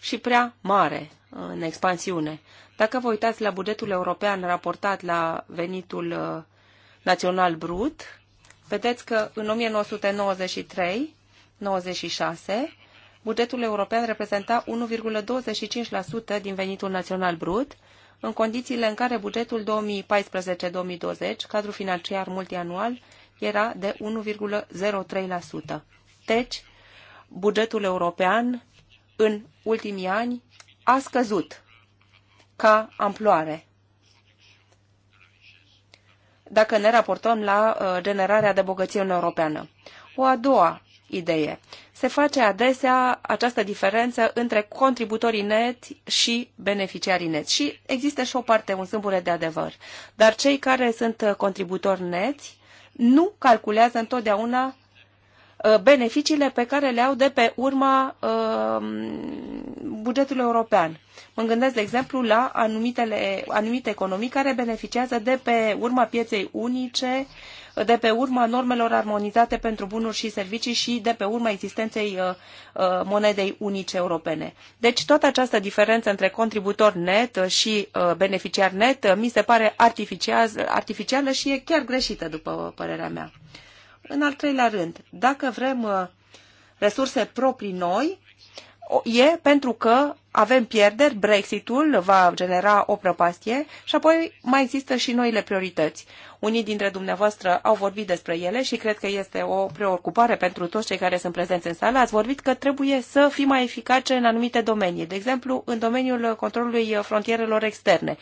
și prea mare în expansiune. Dacă vă uitați la bugetul european raportat la venitul uh, național brut, vedeți că în 1993 96, bugetul european reprezenta 1,25% din venitul național brut, în condițiile în care bugetul 2014-2020, cadru financiar multianual, era de 1,03%. Deci, bugetul european în ultimii ani a scăzut ca amploare. Dacă ne raportăm la uh, generarea de bogăție în europeană. O a doua idee. Se face adesea această diferență între contributorii net și beneficiarii net. Și există și o parte, un sâmbure de adevăr. Dar cei care sunt contributori neți nu calculează întotdeauna uh, beneficiile pe care le au de pe urma uh, bugetului european. Mă gândesc, de exemplu, la anumitele, anumite economii care beneficiază de pe urma pieței unice de pe urma normelor armonizate pentru bunuri și servicii și de pe urma existenței uh, uh, monedei unice europene. Deci toată această diferență între contributor net uh, și beneficiar net mi se pare artificială și e chiar greșită, după părerea mea. În al treilea rând, dacă vrem resurse proprii noi, e pentru că avem pierderi, Brexitul va genera o prăpastie și apoi mai există și noile priorități. Unii dintre dumneavoastră au vorbit despre ele și cred că este o preocupare pentru toți cei care sunt prezenți în sală. Ați vorbit că trebuie să fim mai eficace în anumite domenii, de exemplu în domeniul controlului frontierelor externe.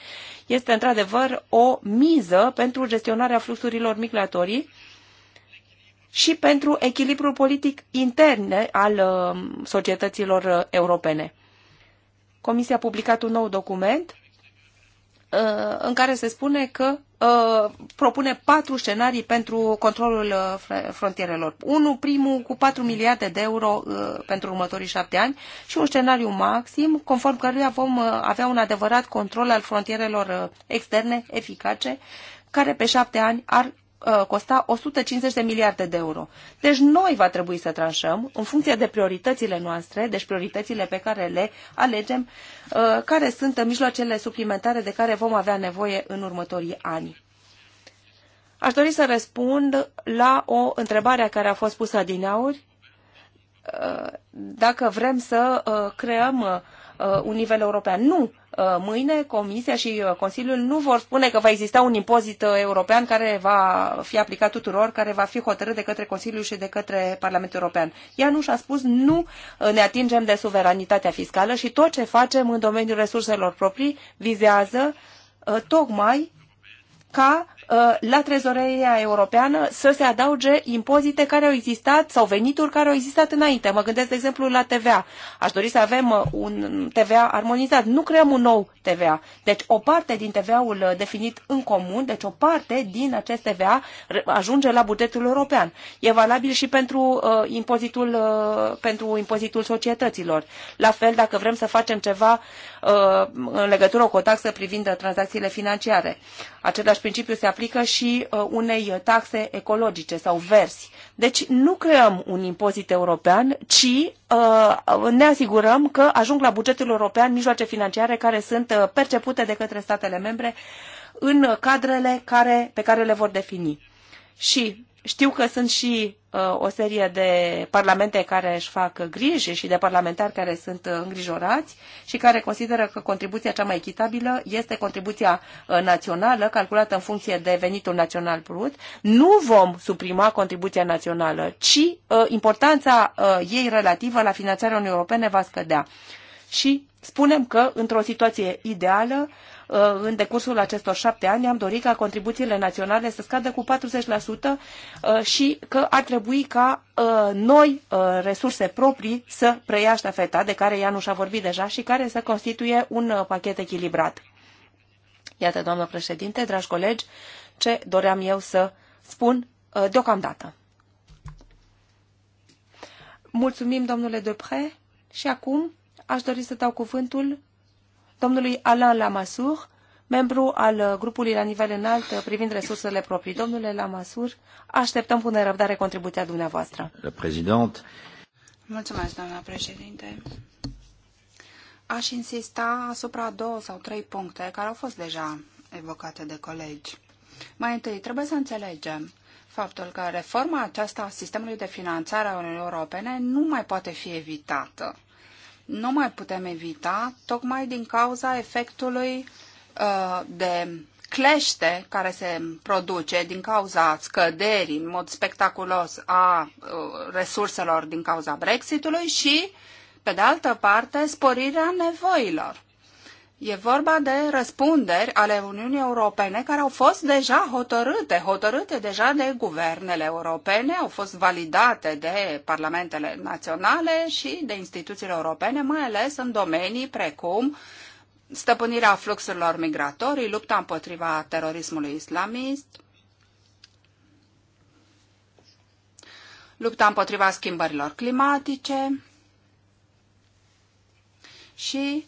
Este într-adevăr o miză pentru gestionarea fluxurilor migratorii și pentru echilibrul politic intern al uh, societăților uh, europene. Comisia a publicat un nou document uh, în care se spune că propune patru scenarii pentru controlul frontierelor. Unul, primul, cu 4 miliarde de euro pentru următorii șapte ani și un scenariu maxim, conform căruia vom avea un adevărat control al frontierelor externe eficace, care pe șapte ani ar Uh, costa 150 de miliarde de euro. Deci noi va trebui să tranșăm, în funcție de prioritățile noastre, deci prioritățile pe care le alegem, uh, care sunt mijloacele suplimentare de care vom avea nevoie în următorii ani. Aș dori să răspund la o întrebare care a fost pusă din aur. Uh, dacă vrem să creăm Uh, un nivel european. Nu! Uh, mâine Comisia și uh, Consiliul nu vor spune că va exista un impozit european care va fi aplicat tuturor, care va fi hotărât de către Consiliu și de către Parlamentul European. Ea nu și-a spus nu ne atingem de suveranitatea fiscală și tot ce facem în domeniul resurselor proprii vizează tocmai ca uh, la trezoreria europeană să se adauge impozite care au existat sau venituri care au existat înainte. Mă gândesc, de exemplu, la TVA. Aș dori să avem uh, un TVA armonizat. Nu creăm un nou TVA. Deci o parte din TVA-ul uh, definit în comun, deci o parte din acest TVA ajunge la bugetul european. E valabil și pentru, uh, impozitul, uh, pentru impozitul societăților. La fel, dacă vrem să facem ceva uh, în legătură cu o taxă privind tranzacțiile financiare. Același Același principiu se aplică și uh, unei taxe ecologice sau versi. Deci nu creăm un impozit european, ci uh, ne asigurăm că ajung la bugetul european mijloace financiare care sunt uh, percepute de către statele membre în cadrele care, pe care le vor defini. Și știu că sunt și uh, o serie de parlamente care își fac griji și de parlamentari care sunt uh, îngrijorați și care consideră că contribuția cea mai echitabilă este contribuția uh, națională, calculată în funcție de venitul național brut. Nu vom suprima contribuția națională, ci uh, importanța uh, ei relativă la finanțarea Uniunii Europene va scădea. Și spunem că, într-o situație ideală, uh, Uh, în decursul acestor șapte ani am dorit ca contribuțiile naționale să scadă cu 40% uh, și că ar trebui ca uh, noi resurse proprii să preia ștafeta de care Ianu și-a vorbit deja și care să constituie un pachet echilibrat. Iată, doamnă președinte, dragi colegi, ce doream eu să spun deocamdată. Mulțumim, domnule Depre, și acum aș dori să dau cuvântul domnului Alain Lamassur, membru al uh, grupului la nivel înalt uh, privind resursele proprii. Domnule Lamassur, așteptăm cu nerăbdare contribuția dumneavoastră. Președinte. Mulțumesc, doamna președinte. Aș insista asupra două sau trei puncte care au fost deja evocate de colegi. Mai întâi, trebuie să înțelegem faptul că reforma aceasta a sistemului de finanțare a Uniunii Europene nu mai poate fi evitată nu mai putem evita tocmai din cauza efectului uh, de clește care se produce din cauza scăderii în mod spectaculos a uh, resurselor din cauza Brexitului și, pe de altă parte, sporirea nevoilor. E vorba de răspunderi ale Uniunii Europene care au fost deja hotărâte, hotărâte deja de guvernele europene, au fost validate de parlamentele naționale și de instituțiile europene, mai ales în domenii precum stăpânirea fluxurilor migratorii, lupta împotriva terorismului islamist, lupta împotriva schimbărilor climatice și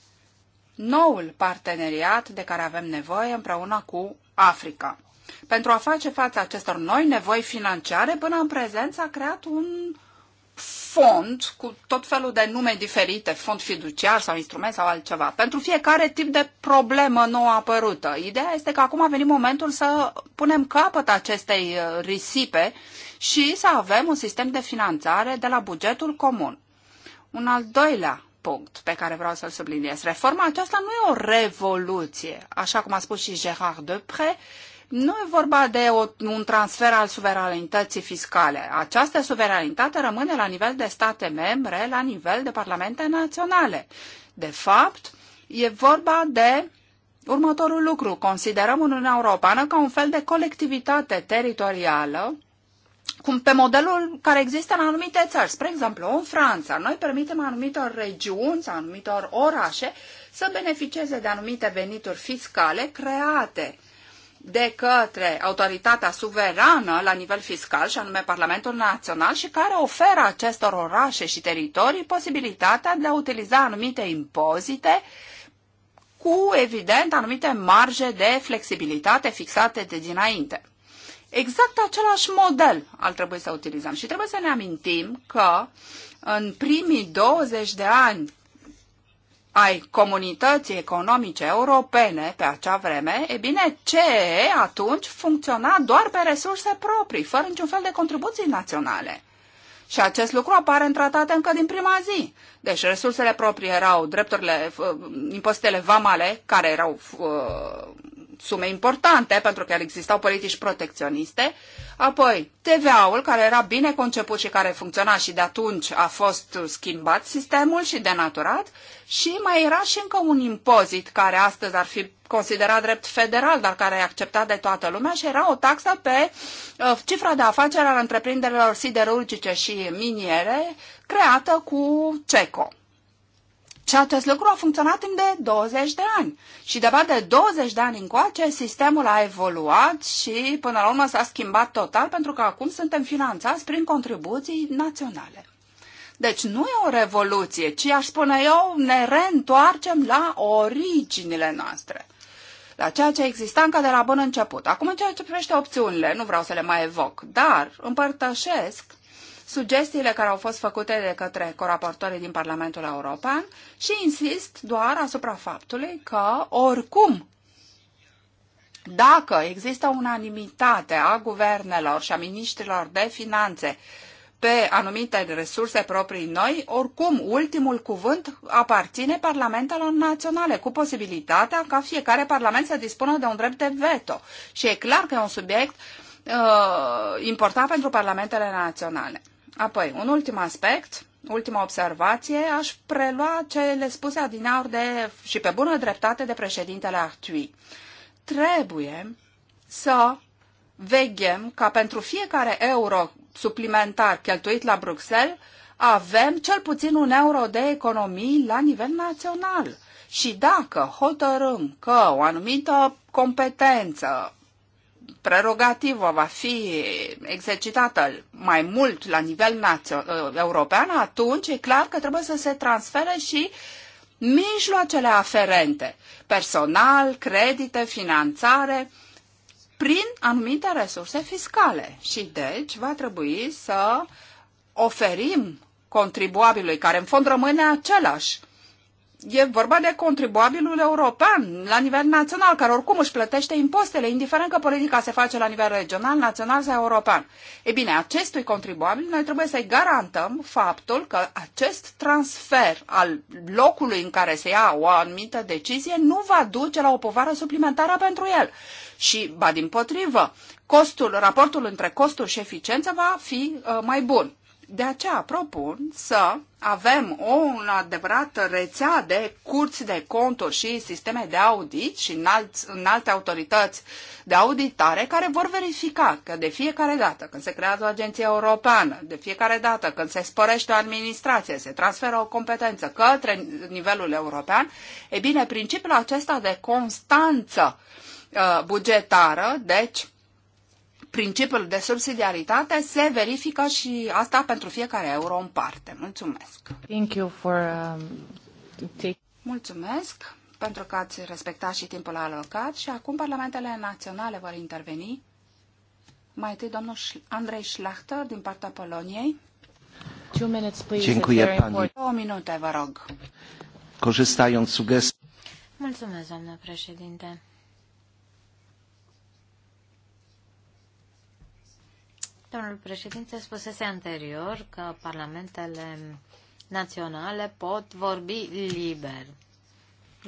noul parteneriat de care avem nevoie împreună cu Africa. Pentru a face față acestor noi nevoi financiare, până în prezent s-a creat un fond cu tot felul de nume diferite, fond fiduciar sau instrument sau altceva, pentru fiecare tip de problemă nouă apărută. Ideea este că acum a venit momentul să punem capăt acestei uh, risipe și să avem un sistem de finanțare de la bugetul comun. Un al doilea punct pe care vreau să-l subliniez. Reforma aceasta nu e o revoluție, așa cum a spus și Gérard Depré, nu e vorba de o, un transfer al suveranității fiscale. Această suveranitate rămâne la nivel de state membre, la nivel de parlamente naționale. De fapt, e vorba de următorul lucru. Considerăm Uniunea Europeană ca un fel de colectivitate teritorială cum pe modelul care există în anumite țări. Spre exemplu, în Franța, noi permitem anumitor regiuni sau anumitor orașe să beneficieze de anumite venituri fiscale create de către autoritatea suverană la nivel fiscal, și anume Parlamentul Național, și care oferă acestor orașe și teritorii posibilitatea de a utiliza anumite impozite cu, evident, anumite marje de flexibilitate fixate de dinainte exact același model ar trebui să utilizăm. Și trebuie să ne amintim că în primii 20 de ani ai comunității economice europene pe acea vreme, e bine, CE atunci funcționa doar pe resurse proprii, fără niciun fel de contribuții naționale. Și acest lucru apare în tratate încă din prima zi. Deci resursele proprii erau drepturile, uh, impozitele vamale, care erau uh, sume importante, pentru că existau politici protecționiste. Apoi, TVA-ul, care era bine conceput și care funcționa și de atunci a fost schimbat sistemul și denaturat. Și mai era și încă un impozit, care astăzi ar fi considerat drept federal, dar care e acceptat de toată lumea și era o taxă pe uh, cifra de afaceri al întreprinderilor siderurgice și miniere creată cu CECO. Și acest lucru a funcționat timp de 20 de ani. Și de de 20 de ani încoace, sistemul a evoluat și până la urmă s-a schimbat total pentru că acum suntem finanțați prin contribuții naționale. Deci nu e o revoluție, ci aș spune eu, ne reîntoarcem la originile noastre la ceea ce exista încă de la bun început. Acum, în ceea ce privește opțiunile, nu vreau să le mai evoc, dar împărtășesc sugestiile care au fost făcute de către coraportorii din Parlamentul European și insist doar asupra faptului că, oricum, dacă există unanimitate a guvernelor și a ministrilor de finanțe pe anumite resurse proprii noi, oricum ultimul cuvânt aparține parlamentelor naționale, cu posibilitatea ca fiecare parlament să dispună de un drept de veto. Și e clar că e un subiect uh, important pentru parlamentele naționale. Apoi, un ultim aspect, ultima observație, aș prelua cele spuse adinaur de, și pe bună dreptate de președintele Artui. Trebuie să veghem ca pentru fiecare euro suplimentar cheltuit la Bruxelles, avem cel puțin un euro de economii la nivel național. Și dacă hotărâm că o anumită competență prerogativă va fi exercitată mai mult la nivel uh, european, atunci e clar că trebuie să se transfere și mijloacele aferente, personal, credite, finanțare, prin anumite resurse fiscale. Și deci va trebui să oferim contribuabilului, care în fond rămâne același, e vorba de contribuabilul european la nivel național, care oricum își plătește impostele, indiferent că politica se face la nivel regional, național sau european. E bine, acestui contribuabil noi trebuie să-i garantăm faptul că acest transfer al locului în care se ia o anumită decizie nu va duce la o povară suplimentară pentru el. Și, ba din potrivă, costul, raportul între costuri și eficiență va fi uh, mai bun. De aceea propun să avem o adevărată rețea de curți de conturi și sisteme de audit și în, alt, în alte autorități de auditare care vor verifica că de fiecare dată când se creează o agenție europeană, de fiecare dată când se spărește o administrație, se transferă o competență către nivelul european, e bine, principiul acesta de constanță uh, bugetară, deci principiul de subsidiaritate se verifică și asta pentru fiecare euro în parte. Mulțumesc! Thank you for, um, Mulțumesc pentru că ați respectat și timpul alocat și acum parlamentele naționale vor interveni. Mai întâi domnul Andrei Schlachter din partea Poloniei. Two minutes, please. Dziękuję pani. Două minute, vă rog. Mulțumesc, doamnă președinte. Domnul președinte spusese anterior că parlamentele naționale pot vorbi liber.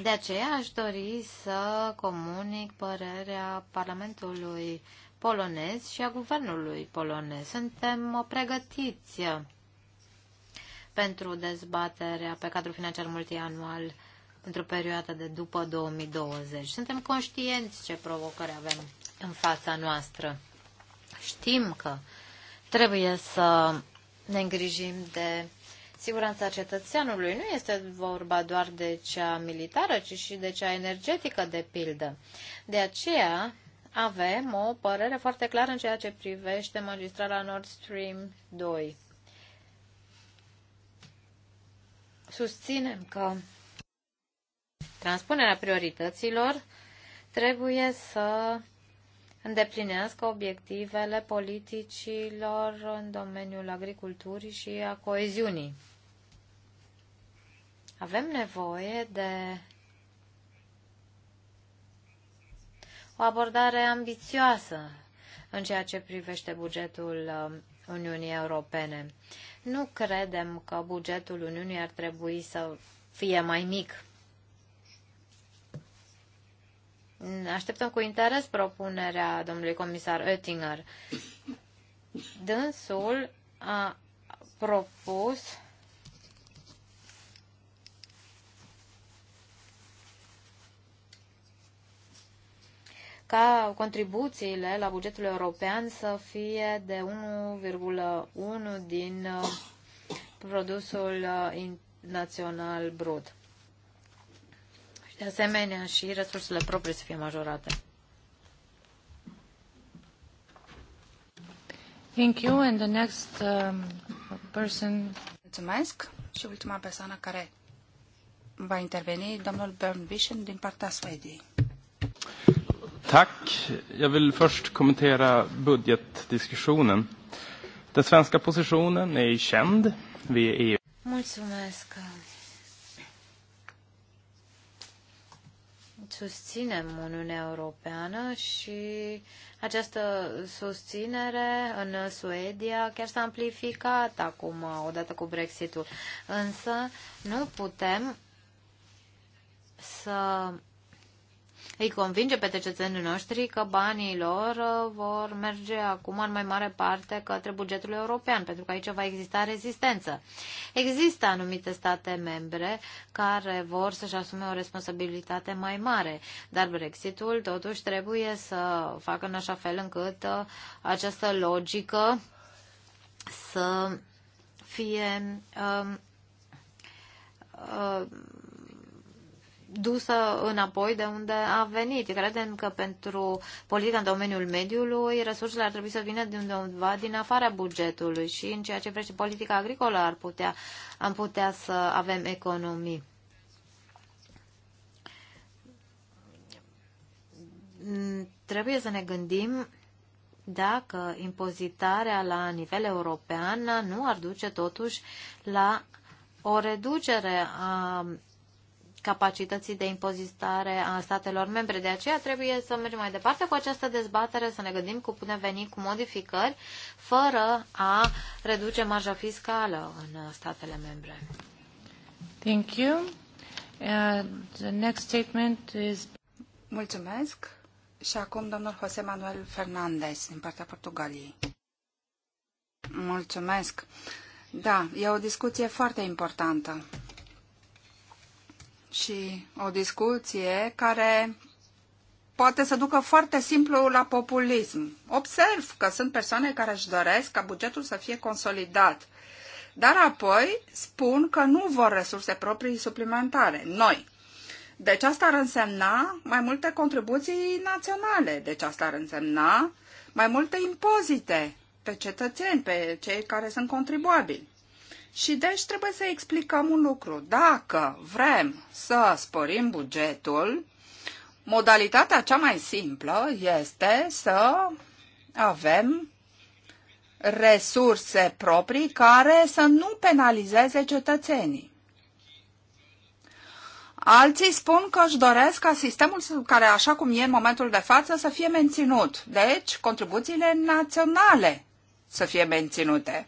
De aceea aș dori să comunic părerea Parlamentului polonez și a guvernului polonez. Suntem pregătiți pentru dezbaterea pe cadrul financiar multianual pentru perioada de după 2020. Suntem conștienți ce provocări avem în fața noastră. Știm că trebuie să ne îngrijim de siguranța cetățeanului. Nu este vorba doar de cea militară, ci și de cea energetică, de pildă. De aceea avem o părere foarte clară în ceea ce privește magistrala Nord Stream 2. Susținem că transpunerea priorităților trebuie să îndeplinească obiectivele politicilor în domeniul agriculturii și a coeziunii. Avem nevoie de o abordare ambițioasă în ceea ce privește bugetul um, Uniunii Europene. Nu credem că bugetul Uniunii ar trebui să fie mai mic Așteptăm cu interes propunerea domnului comisar Oettinger. Dânsul a propus ca contribuțiile la bugetul european să fie de 1,1 din produsul uh, național brut. De asemenea, și resursele proprii să fie majorate. Thank you. And the next um, person... Mulțumesc. Și ultima persoană care va interveni, domnul Björn Vision din partea Suediei. Tack. Jag vill först kommentera budgetdiskussionen. Den svenska positionen är känd. Vi är EU. Mulțumesc. susținem Uniunea Europeană și această susținere în Suedia chiar s-a amplificat acum, odată cu Brexitul. Însă nu putem să îi convinge pe cetățenii noștri că banii lor uh, vor merge acum în mai mare parte către bugetul european, pentru că aici va exista rezistență. Există anumite state membre care vor să-și asume o responsabilitate mai mare, dar Brexitul totuși trebuie să facă în așa fel încât uh, această logică să fie Um, uh, dusă înapoi de unde a venit. Credem că pentru politica în domeniul mediului, resursele ar trebui să vină de undeva din afara bugetului și în ceea ce vrește politica agricolă ar putea, am putea să avem economii. Trebuie să ne gândim dacă impozitarea la nivel european nu ar duce totuși la o reducere a capacității de impozitare a statelor membre. De aceea trebuie să mergem mai departe cu această dezbatere, să ne gândim cum putem veni cu modificări fără a reduce marja fiscală în statele membre. Thank you. Uh, the next statement is... Mulțumesc. Și acum domnul José Manuel Fernández din partea Portugaliei. Mulțumesc. Da, e o discuție foarte importantă și o discuție care poate să ducă foarte simplu la populism. Observ că sunt persoane care își doresc ca bugetul să fie consolidat, dar apoi spun că nu vor resurse proprii suplimentare, noi. Deci asta ar însemna mai multe contribuții naționale, deci asta ar însemna mai multe impozite pe cetățeni, pe cei care sunt contribuabili. Și deci trebuie să explicăm un lucru. Dacă vrem să sporim bugetul, modalitatea cea mai simplă este să avem resurse proprii care să nu penalizeze cetățenii. Alții spun că își doresc ca sistemul care, așa cum e în momentul de față, să fie menținut. Deci, contribuțiile naționale să fie menținute.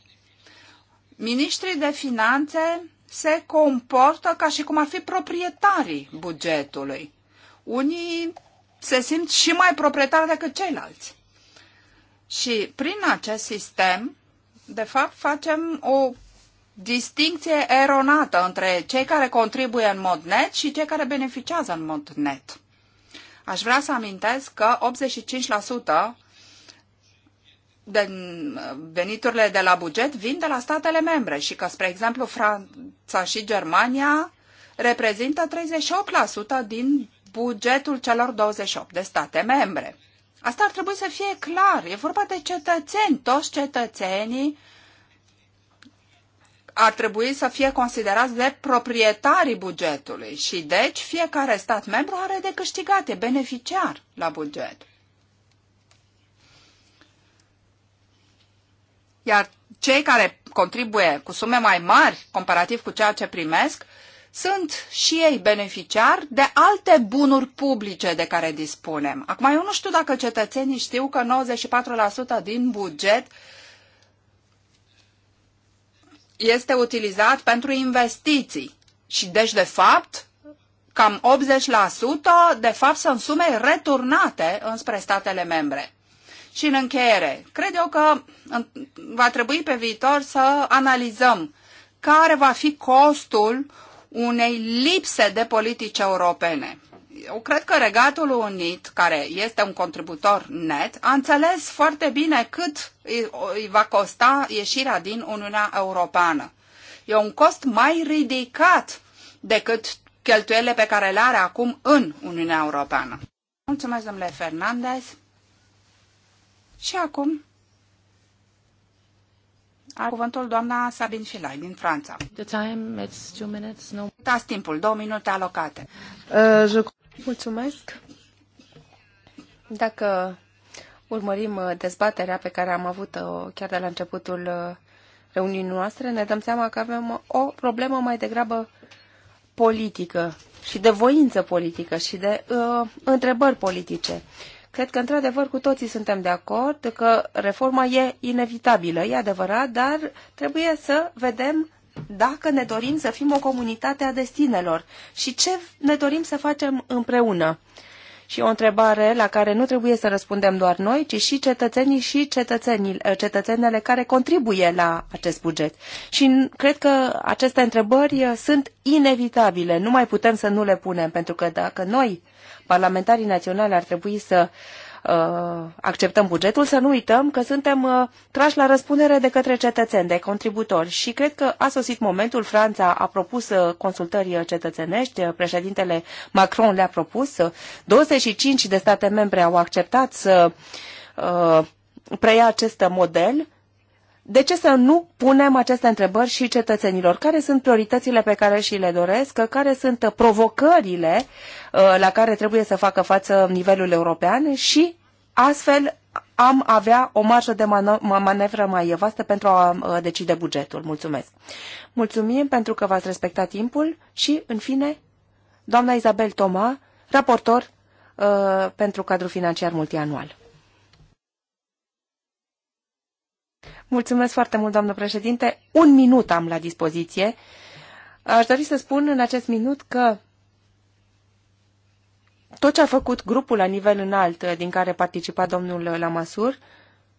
Ministrii de finanțe se comportă ca și cum ar fi proprietarii bugetului. Unii se simt și mai proprietari decât ceilalți. Și prin acest sistem, de fapt, facem o distinție eronată între cei care contribuie în mod net și cei care beneficiază în mod net. Aș vrea să amintesc că 85% veniturile de la buget vin de la statele membre și că, spre exemplu, Franța și Germania reprezintă 38% din bugetul celor 28 de state membre. Asta ar trebui să fie clar. E vorba de cetățeni. Toți cetățenii ar trebui să fie considerați de proprietarii bugetului și deci fiecare stat membru are de câștigat, e beneficiar la buget. iar cei care contribuie cu sume mai mari comparativ cu ceea ce primesc sunt și ei beneficiari de alte bunuri publice de care dispunem. Acum, eu nu știu dacă cetățenii știu că 94% din buget este utilizat pentru investiții și deci, de fapt, cam 80% de fapt sunt sume returnate înspre statele membre. Și în încheiere, cred eu că va trebui pe viitor să analizăm care va fi costul unei lipse de politici europene. Eu cred că Regatul Unit, care este un contributor net, a înțeles foarte bine cât îi va costa ieșirea din Uniunea Europeană. E un cost mai ridicat decât cheltuielile pe care le are acum în Uniunea Europeană. Mulțumesc, domnule Fernandez. Și acum a cuvântul doamna Sabine Filai din Franța. The time, it's two minutes, no... Uitați timpul, două minute alocate. Uh, je... Mulțumesc. Dacă urmărim uh, dezbaterea pe care am avut-o chiar de la începutul uh, reuniunii noastre, ne dăm seama că avem o problemă mai degrabă politică și de voință politică și de uh, întrebări politice. Cred că, într-adevăr, cu toții suntem de acord că reforma e inevitabilă, e adevărat, dar trebuie să vedem dacă ne dorim să fim o comunitate a destinelor și ce ne dorim să facem împreună și o întrebare la care nu trebuie să răspundem doar noi, ci și cetățenii și cetățenii, ă, cetățenele care contribuie la acest buget. Și cred că aceste întrebări ă, sunt inevitabile, nu mai putem să nu le punem, pentru că dacă noi, parlamentarii naționali, ar trebui să uh, Uh, acceptăm bugetul, să nu uităm că suntem uh, trași la răspundere de către cetățeni, de contributori. Și cred că a sosit momentul, Franța a propus uh, consultări cetățenești, președintele Macron le-a propus, 25 de state membre au acceptat să preia acest model de ce să nu punem aceste întrebări și cetățenilor? Care sunt prioritățile pe care și le doresc? Care sunt provocările uh, la care trebuie să facă față nivelul european? Și astfel am avea o marjă de manevră mai vastă pentru a uh, decide bugetul. Mulțumesc! Mulțumim pentru că v-ați respectat timpul și, în fine, doamna Isabel Toma, raportor uh, pentru cadrul financiar multianual. Mulțumesc foarte mult, doamnă președinte. Un minut am la dispoziție. Aș dori să spun în acest minut că tot ce a făcut grupul la nivel înalt eh, din care participa domnul Lamasur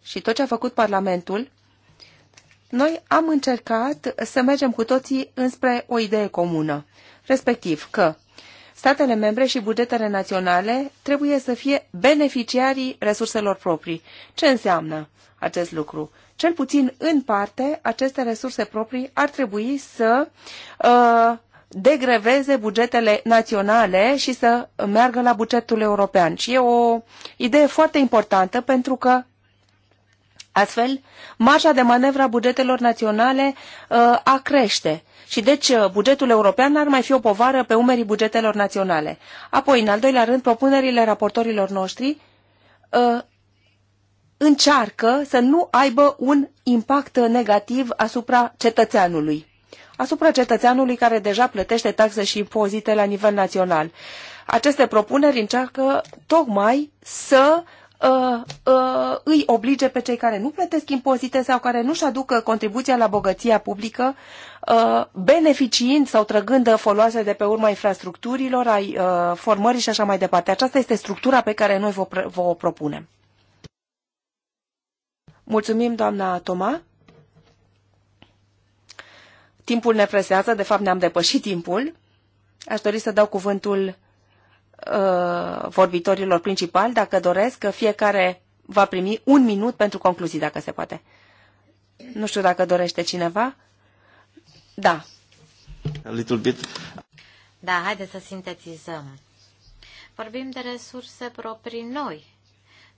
și tot ce a făcut Parlamentul, noi am încercat să mergem cu toții înspre o idee comună, respectiv că statele membre și bugetele naționale trebuie să fie beneficiarii resurselor proprii. Ce înseamnă acest lucru? cel puțin în parte, aceste resurse proprii ar trebui să uh, degreveze bugetele naționale și să meargă la bugetul european. Și e o idee foarte importantă pentru că astfel marja de manevră a bugetelor naționale uh, a crește. Și deci uh, bugetul european ar mai fi o povară pe umerii bugetelor naționale. Apoi, în al doilea rând, propunerile raportorilor noștri uh, încearcă să nu aibă un impact negativ asupra cetățeanului, asupra cetățeanului care deja plătește taxe și impozite la nivel național. Aceste propuneri încearcă tocmai să uh, uh, îi oblige pe cei care nu plătesc impozite sau care nu-și aducă contribuția la bogăția publică, uh, beneficiind sau trăgând foloase de pe urma infrastructurilor, ai uh, formării și așa mai departe. Aceasta este structura pe care noi vă, vă o propunem. Mulțumim, doamna Toma. Timpul ne presează, de fapt ne-am depășit timpul. Aș dori să dau cuvântul uh, vorbitorilor principali, dacă doresc, că fiecare va primi un minut pentru concluzii, dacă se poate. Nu știu dacă dorește cineva. Da. A little bit. Da, haideți să sintetizăm. Vorbim de resurse proprii noi,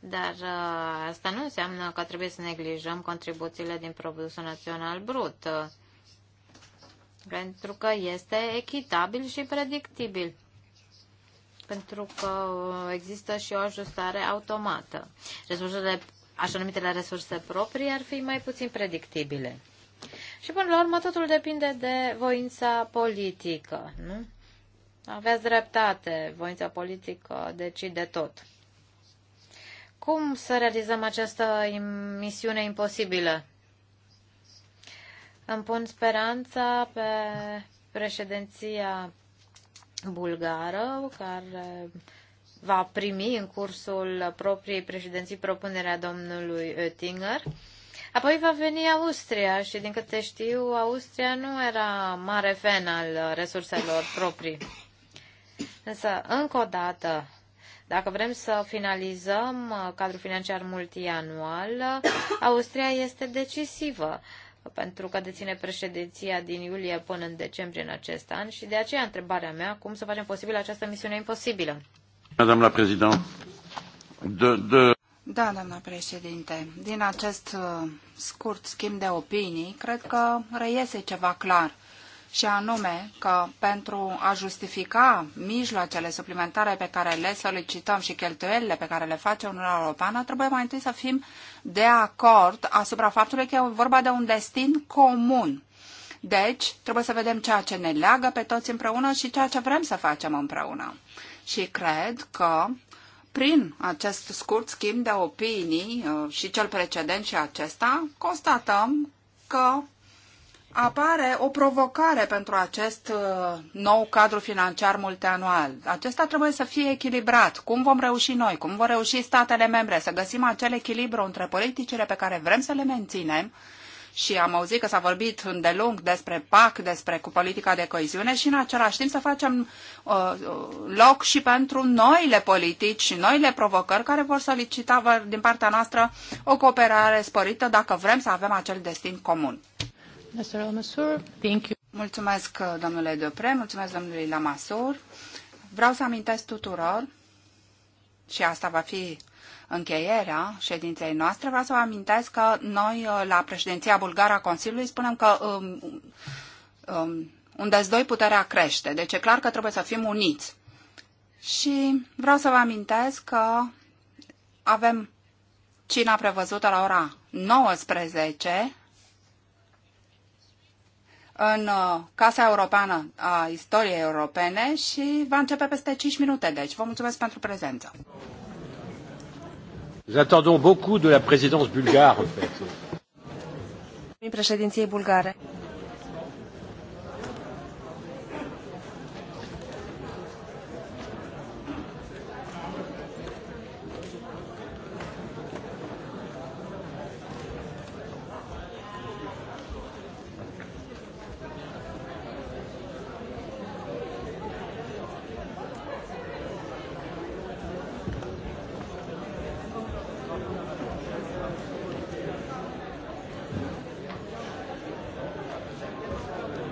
dar uh, asta nu înseamnă că trebuie să neglijăm contribuțiile din produsul național brut, uh, pentru că este echitabil și predictibil, pentru că uh, există și o ajustare automată. Resursele, așa numitele resurse proprii, ar fi mai puțin predictibile. Și până la urmă totul depinde de voința politică, nu? Aveți dreptate, voința politică decide tot. Cum să realizăm această misiune imposibilă? Îmi pun speranța pe președinția bulgară, care va primi în cursul propriei președinții propunerea domnului Oettinger. Apoi va veni Austria și, din câte știu, Austria nu era mare fan al resurselor proprii. Însă, încă o dată, dacă vrem să finalizăm uh, cadrul financiar multianual, uh, Austria este decisivă pentru că deține președinția din iulie până în decembrie în acest an și de aceea întrebarea mea, cum să facem posibil această misiune imposibilă? Doamna președinte, de, de... Da, doamna președinte, din acest uh, scurt schimb de opinii, cred că reiese ceva clar și anume că pentru a justifica mijloacele suplimentare pe care le solicităm și cheltuielile pe care le face Uniunea Europeană, trebuie mai întâi să fim de acord asupra faptului că e vorba de un destin comun. Deci, trebuie să vedem ceea ce ne leagă pe toți împreună și ceea ce vrem să facem împreună. Și cred că prin acest scurt schimb de opinii uh, și cel precedent și acesta, constatăm că apare o provocare pentru acest uh, nou cadru financiar multianual. Acesta trebuie să fie echilibrat. Cum vom reuși noi, cum vor reuși statele membre să găsim acel echilibru între politicile pe care vrem să le menținem și am auzit că s-a vorbit îndelung despre PAC, despre cu politica de coeziune și în același timp să facem uh, uh loc și pentru noile politici și noile provocări care vor solicita din partea noastră o cooperare sporită dacă vrem să avem acel destin comun. Mulțumesc, domnule Depre, mulțumesc, domnului Lamasur. Vreau să amintesc tuturor, și asta va fi încheierea ședinței noastre, vreau să vă amintesc că noi, uh, la președinția bulgară a Consiliului, spunem că um, um, unde doi puterea crește. Deci e clar că trebuie să fim uniți. Și vreau să vă amintesc că avem cina prevăzută la ora 19 în uh, Casa Europeană a Istoriei Europene și va începe peste 5 minute. Deci vă mulțumesc pentru prezență. Nous attendons beaucoup de la présidence bulgare, en fait. Președinției bulgare.